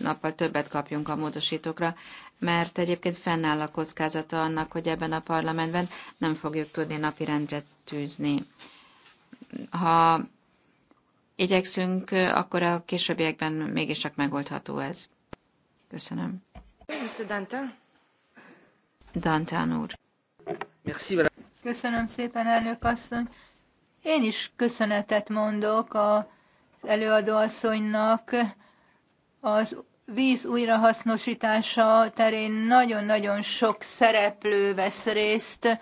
nappal többet kapjunk a módosítókra, mert egyébként fennáll a kockázata annak, hogy ebben a parlamentben nem fogjuk tudni napirendre tűzni. Ha igyekszünk, akkor a későbbiekben mégiscsak megoldható ez. Köszönöm. Köszönöm. Dantán úr. Köszönöm szépen, elnök asszony. Én is köszönetet mondok az előadóasszonynak. Az víz újrahasznosítása terén nagyon-nagyon sok szereplő vesz részt.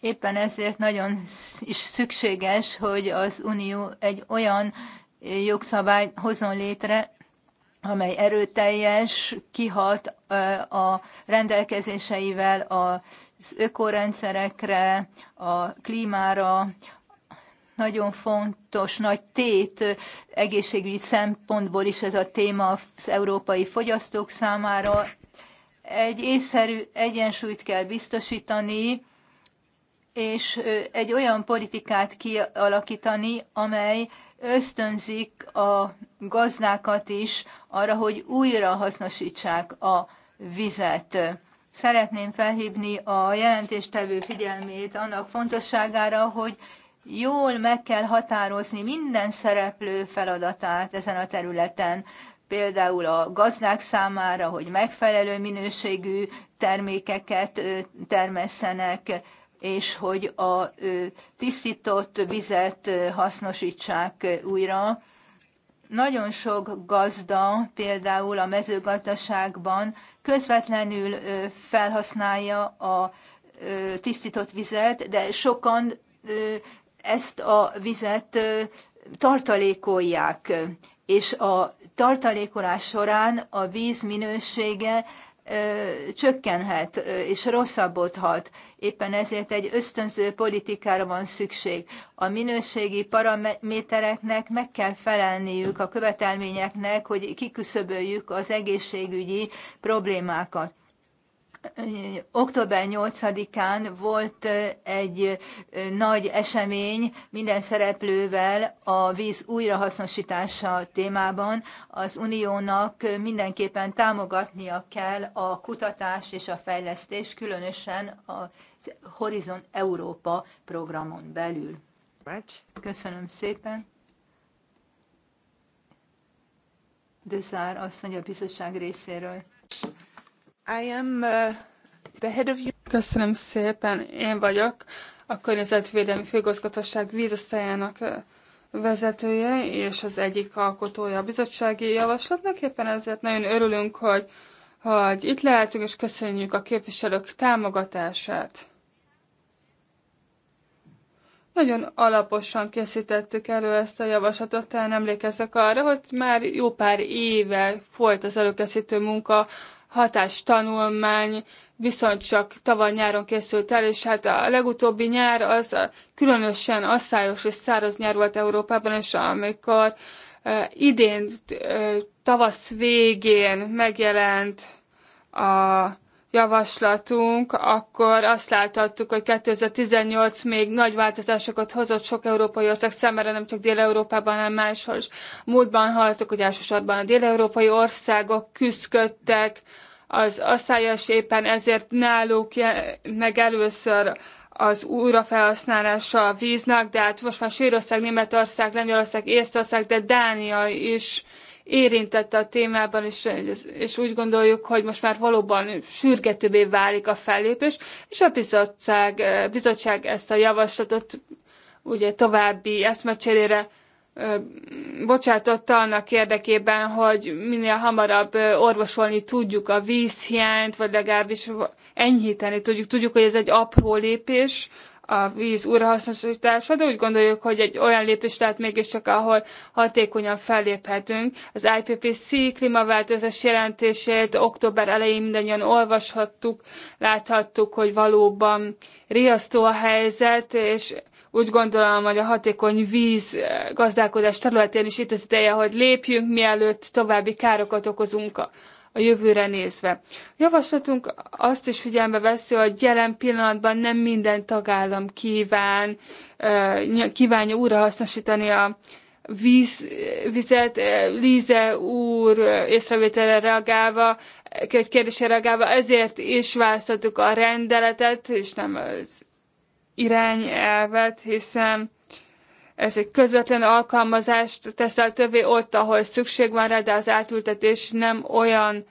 Éppen ezért nagyon is szükséges, hogy az Unió egy olyan jogszabályt hozon létre, amely erőteljes, kihat a rendelkezéseivel az ökorendszerekre, a klímára, nagyon fontos, nagy tét egészségügyi szempontból is ez a téma az európai fogyasztók számára. Egy észszerű egyensúlyt kell biztosítani, és egy olyan politikát kialakítani, amely ösztönzik a gazdákat is arra, hogy újra hasznosítsák a vizet. Szeretném felhívni a jelentéstevő figyelmét annak fontosságára, hogy jól meg kell határozni minden szereplő feladatát ezen a területen, például a gazdák számára, hogy megfelelő minőségű termékeket termesszenek, és hogy a tisztított vizet hasznosítsák újra. Nagyon sok gazda például a mezőgazdaságban közvetlenül felhasználja a tisztított vizet, de sokan ezt a vizet tartalékolják, és a tartalékolás során a víz minősége csökkenhet és rosszabbodhat. Éppen ezért egy ösztönző politikára van szükség. A minőségi paramétereknek meg kell felelniük a követelményeknek, hogy kiküszöböljük az egészségügyi problémákat október 8-án volt egy nagy esemény minden szereplővel a víz újrahasznosítása témában. Az uniónak mindenképpen támogatnia kell a kutatás és a fejlesztés, különösen a Horizon Európa programon belül. Köszönöm szépen. azt mondja a bizottság részéről. Uh, Köszönöm szépen, én vagyok a Környezetvédelmi Főgazgatóság vízosztályának uh, vezetője, és az egyik alkotója a bizottsági javaslatnak. Éppen ezért nagyon örülünk, hogy, hogy itt lehetünk, és köszönjük a képviselők támogatását. Nagyon alaposan készítettük elő ezt a javaslatot, tehát emlékezek arra, hogy már jó pár éve folyt az előkészítő munka hatástanulmány viszont csak tavaly nyáron készült el, és hát a legutóbbi nyár az különösen asszályos és száraz nyár volt Európában, és amikor idén tavasz végén megjelent a javaslatunk, akkor azt láthattuk, hogy 2018 még nagy változásokat hozott sok európai ország számára, nem csak Dél-Európában, hanem máshol is. Múltban hallottuk, hogy elsősorban a dél-európai országok küzdködtek, az asszályos éppen ezért náluk meg először az újrafelhasználása a víznek, de hát most már Svédország, Németország, Lengyelország, Észtország, de Dánia is érintette a témában, és, és úgy gondoljuk, hogy most már valóban sürgetőbbé válik a fellépés, és a bizottság, eh, bizottság ezt a javaslatot ugye további eszmecserére eh, bocsátotta annak érdekében, hogy minél hamarabb eh, orvosolni tudjuk a vízhiányt, vagy legalábbis enyhíteni tudjuk. Tudjuk, hogy ez egy apró lépés a víz újrahasznosítása, de úgy gondoljuk, hogy egy olyan lépés lehet mégiscsak, ahol hatékonyan felléphetünk. Az IPPC klímaváltozás jelentését október elején mindannyian olvashattuk, láthattuk, hogy valóban riasztó a helyzet, és úgy gondolom, hogy a hatékony víz gazdálkodás területén is itt az ideje, hogy lépjünk, mielőtt további károkat okozunk a jövőre nézve. Javaslatunk azt is figyelembe veszi, hogy jelen pillanatban nem minden tagállam kíván, kívánja újra hasznosítani a víz, vizet, Líze úr észrevételre reagálva, egy kérdésre reagálva, ezért is választottuk a rendeletet, és nem az irányelvet, hiszen ez egy közvetlen alkalmazást tesz lehetővé ott, ahol szükség van rá, de az átültetés nem olyan uh,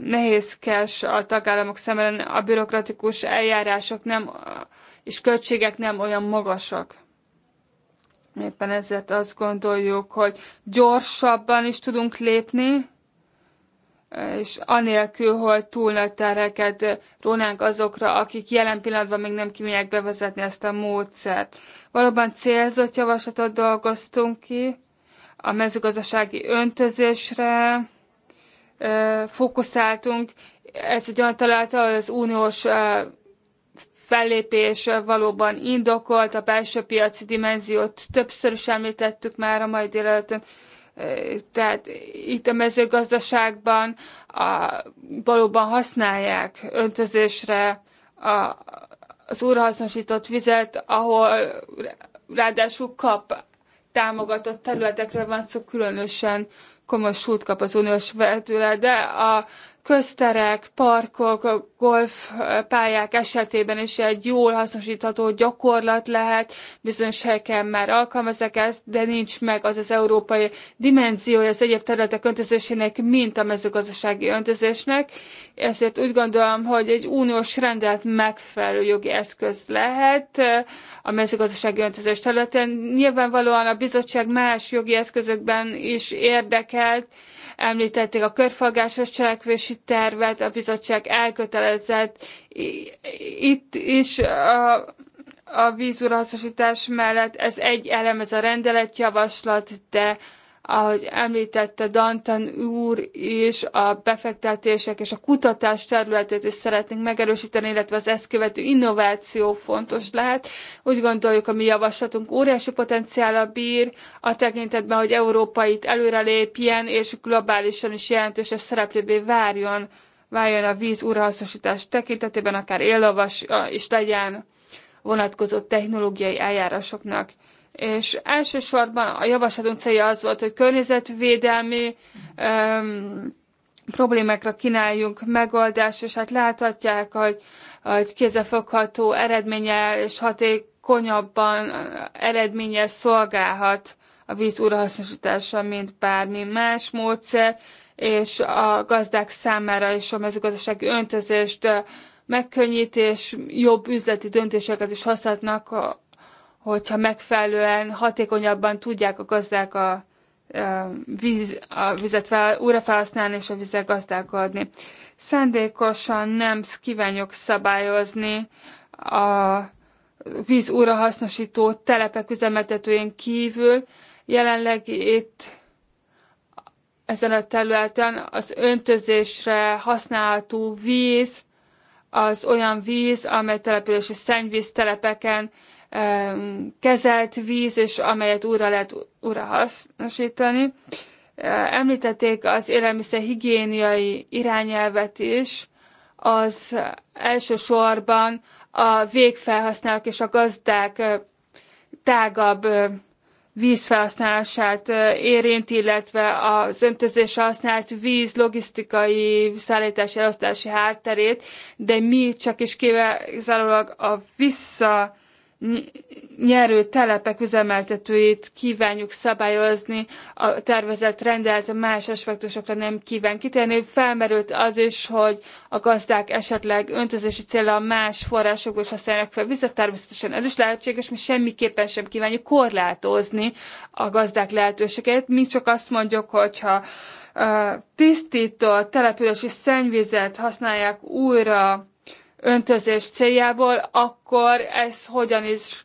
nehézkes a tagállamok szemben, a bürokratikus eljárások nem, és költségek nem olyan magasak. Éppen ezért azt gondoljuk, hogy gyorsabban is tudunk lépni, és anélkül, hogy túl nagy terheket rónánk azokra, akik jelen pillanatban még nem kimények bevezetni ezt a módszert. Valóban célzott javaslatot dolgoztunk ki a mezőgazdasági öntözésre, fókuszáltunk. Ez egy olyan találta, hogy az uniós fellépés valóban indokolt, a belső piaci dimenziót többször is említettük már a mai délelőttön, tehát itt a mezőgazdaságban a, valóban használják öntözésre a, az újrahasznosított vizet, ahol ráadásul kap támogatott területekről van szó, különösen komoly súlyt kap az uniós vetőle, de a közterek, parkok, golfpályák esetében is egy jól hasznosítható gyakorlat lehet, bizonyos helyeken már alkalmazzák ezt, de nincs meg az az európai dimenziója az egyéb területek öntözésének, mint a mezőgazdasági öntözésnek, ezért úgy gondolom, hogy egy uniós rendelt megfelelő jogi eszköz lehet eh, a mezőgazdasági öntözés területén. Nyilvánvalóan a bizottság más jogi eszközökben is érdekelt, említették a körforgásos cselekvési tervet, a bizottság elkötelezett itt is a, a mellett ez egy elem, ez a rendeletjavaslat, de ahogy említette Dantan úr is, a befektetések és a kutatás területét is szeretnénk megerősíteni, illetve az ezt követő innováció fontos lehet. Úgy gondoljuk, a mi javaslatunk óriási potenciála bír a tekintetben, hogy Európa itt előrelépjen, és globálisan is jelentősebb szereplővé várjon, váljon a víz újrahasznosítás tekintetében, akár éllovas is legyen vonatkozó technológiai eljárásoknak és elsősorban a javaslatunk célja az volt, hogy környezetvédelmi um, problémákra kínáljunk megoldást, és hát láthatják, hogy, hogy kézefogható eredménye és hatékonyabban eredménye szolgálhat a víz újrahasznosítása, mint bármi más módszer, és a gazdák számára is a mezőgazdasági öntözést megkönnyítés, jobb üzleti döntéseket is hozhatnak hogyha megfelelően hatékonyabban tudják a gazdák a, a, víz, a vizet fel, újra felhasználni és a vizet gazdálkodni. Szándékosan nem kívánjuk szabályozni a víz újrahasznosító telepek üzemeltetőjén kívül. Jelenleg itt ezen a területen az öntözésre használható víz az olyan víz, amely települési szennyvíz telepeken kezelt víz, és amelyet újra lehet újra hasznosítani. Említették az élelmiszer higiéniai irányelvet is, az elsősorban a végfelhasználók és a gazdák tágabb vízfelhasználását érint, illetve az öntözésre használt víz logisztikai szállítási elosztási hátterét, de mi csak is kizárólag a vissza nyerő telepek üzemeltetőjét kívánjuk szabályozni, a tervezett rendelt más aspektusokra nem kíván kitérni. Felmerült az is, hogy a gazdák esetleg öntözési célra más forrásokból is használják fel vizet, természetesen ez is lehetséges, mi semmiképpen sem kívánjuk korlátozni a gazdák lehetőségeit, mi csak azt mondjuk, hogyha tisztított települési szennyvizet használják újra, öntözés céljából, akkor ez hogyan is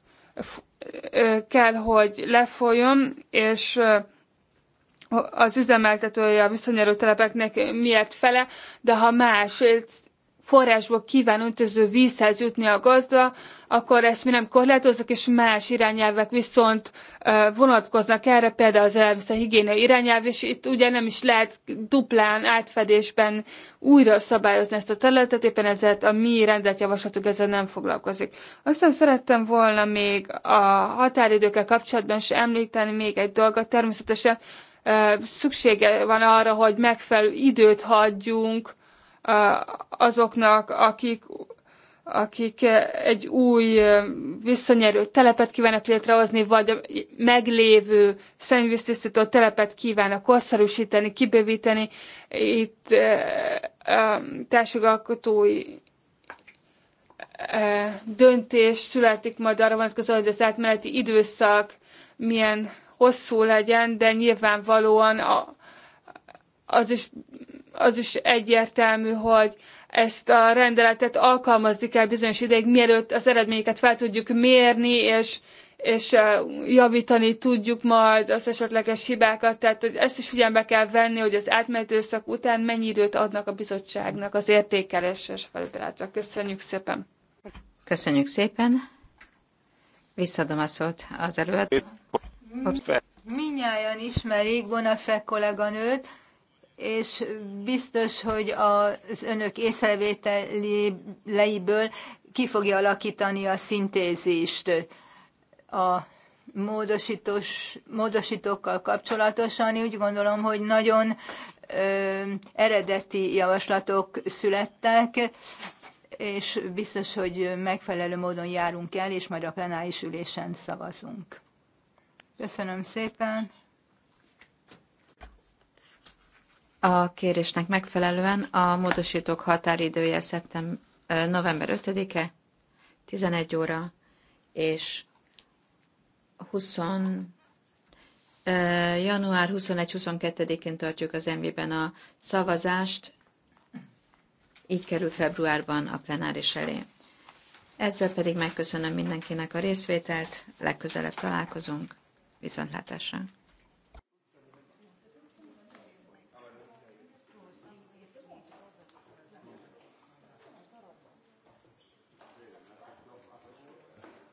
kell, hogy lefolyjon, és az üzemeltetője a visszanyerő telepeknek miért fele, de ha más forrásból kíván öntöző vízhez jutni a gazda, akkor ezt mi nem korlátozok, és más irányelvek viszont vonatkoznak erre, például az elemszer higiénia irányelv, és itt ugye nem is lehet duplán átfedésben újra szabályozni ezt a területet, éppen ezért a mi rendelt javaslatunk ezzel nem foglalkozik. Aztán szerettem volna még a határidőkkel kapcsolatban is említeni még egy dolgot, természetesen szüksége van arra, hogy megfelelő időt hagyjunk azoknak, akik, akik egy új visszanyerő telepet kívánnak létrehozni, vagy a meglévő szennyvíztisztító telepet kívánnak korszerűsíteni, kibővíteni. Itt társadalkotói döntés születik majd arra vonatkozóan, hogy az átmeneti időszak milyen hosszú legyen, de nyilvánvalóan a, az is, az is egyértelmű, hogy ezt a rendeletet alkalmazni kell bizonyos ideig, mielőtt az eredményeket fel tudjuk mérni, és, és javítani tudjuk majd az esetleges hibákat. Tehát hogy ezt is figyelembe kell venni, hogy az átmeneti időszak után mennyi időt adnak a bizottságnak az értékelésre és Köszönjük szépen! Köszönjük szépen! Visszadom a szót az előadó. Minnyáján ismerik Bonafé kolléganőt, és biztos, hogy az önök észrevételeiből ki fogja alakítani a szintézist a módosítós, módosítókkal kapcsolatosan. Úgy gondolom, hogy nagyon ö, eredeti javaslatok születtek, és biztos, hogy megfelelő módon járunk el, és majd a plenáris ülésen szavazunk. Köszönöm szépen! A kérésnek megfelelően a módosítók határidője szeptem, november 5-e, 11 óra, és 20, január 21-22-én tartjuk az mv ben a szavazást, így kerül februárban a plenáris elé. Ezzel pedig megköszönöm mindenkinek a részvételt, legközelebb találkozunk, viszontlátásra!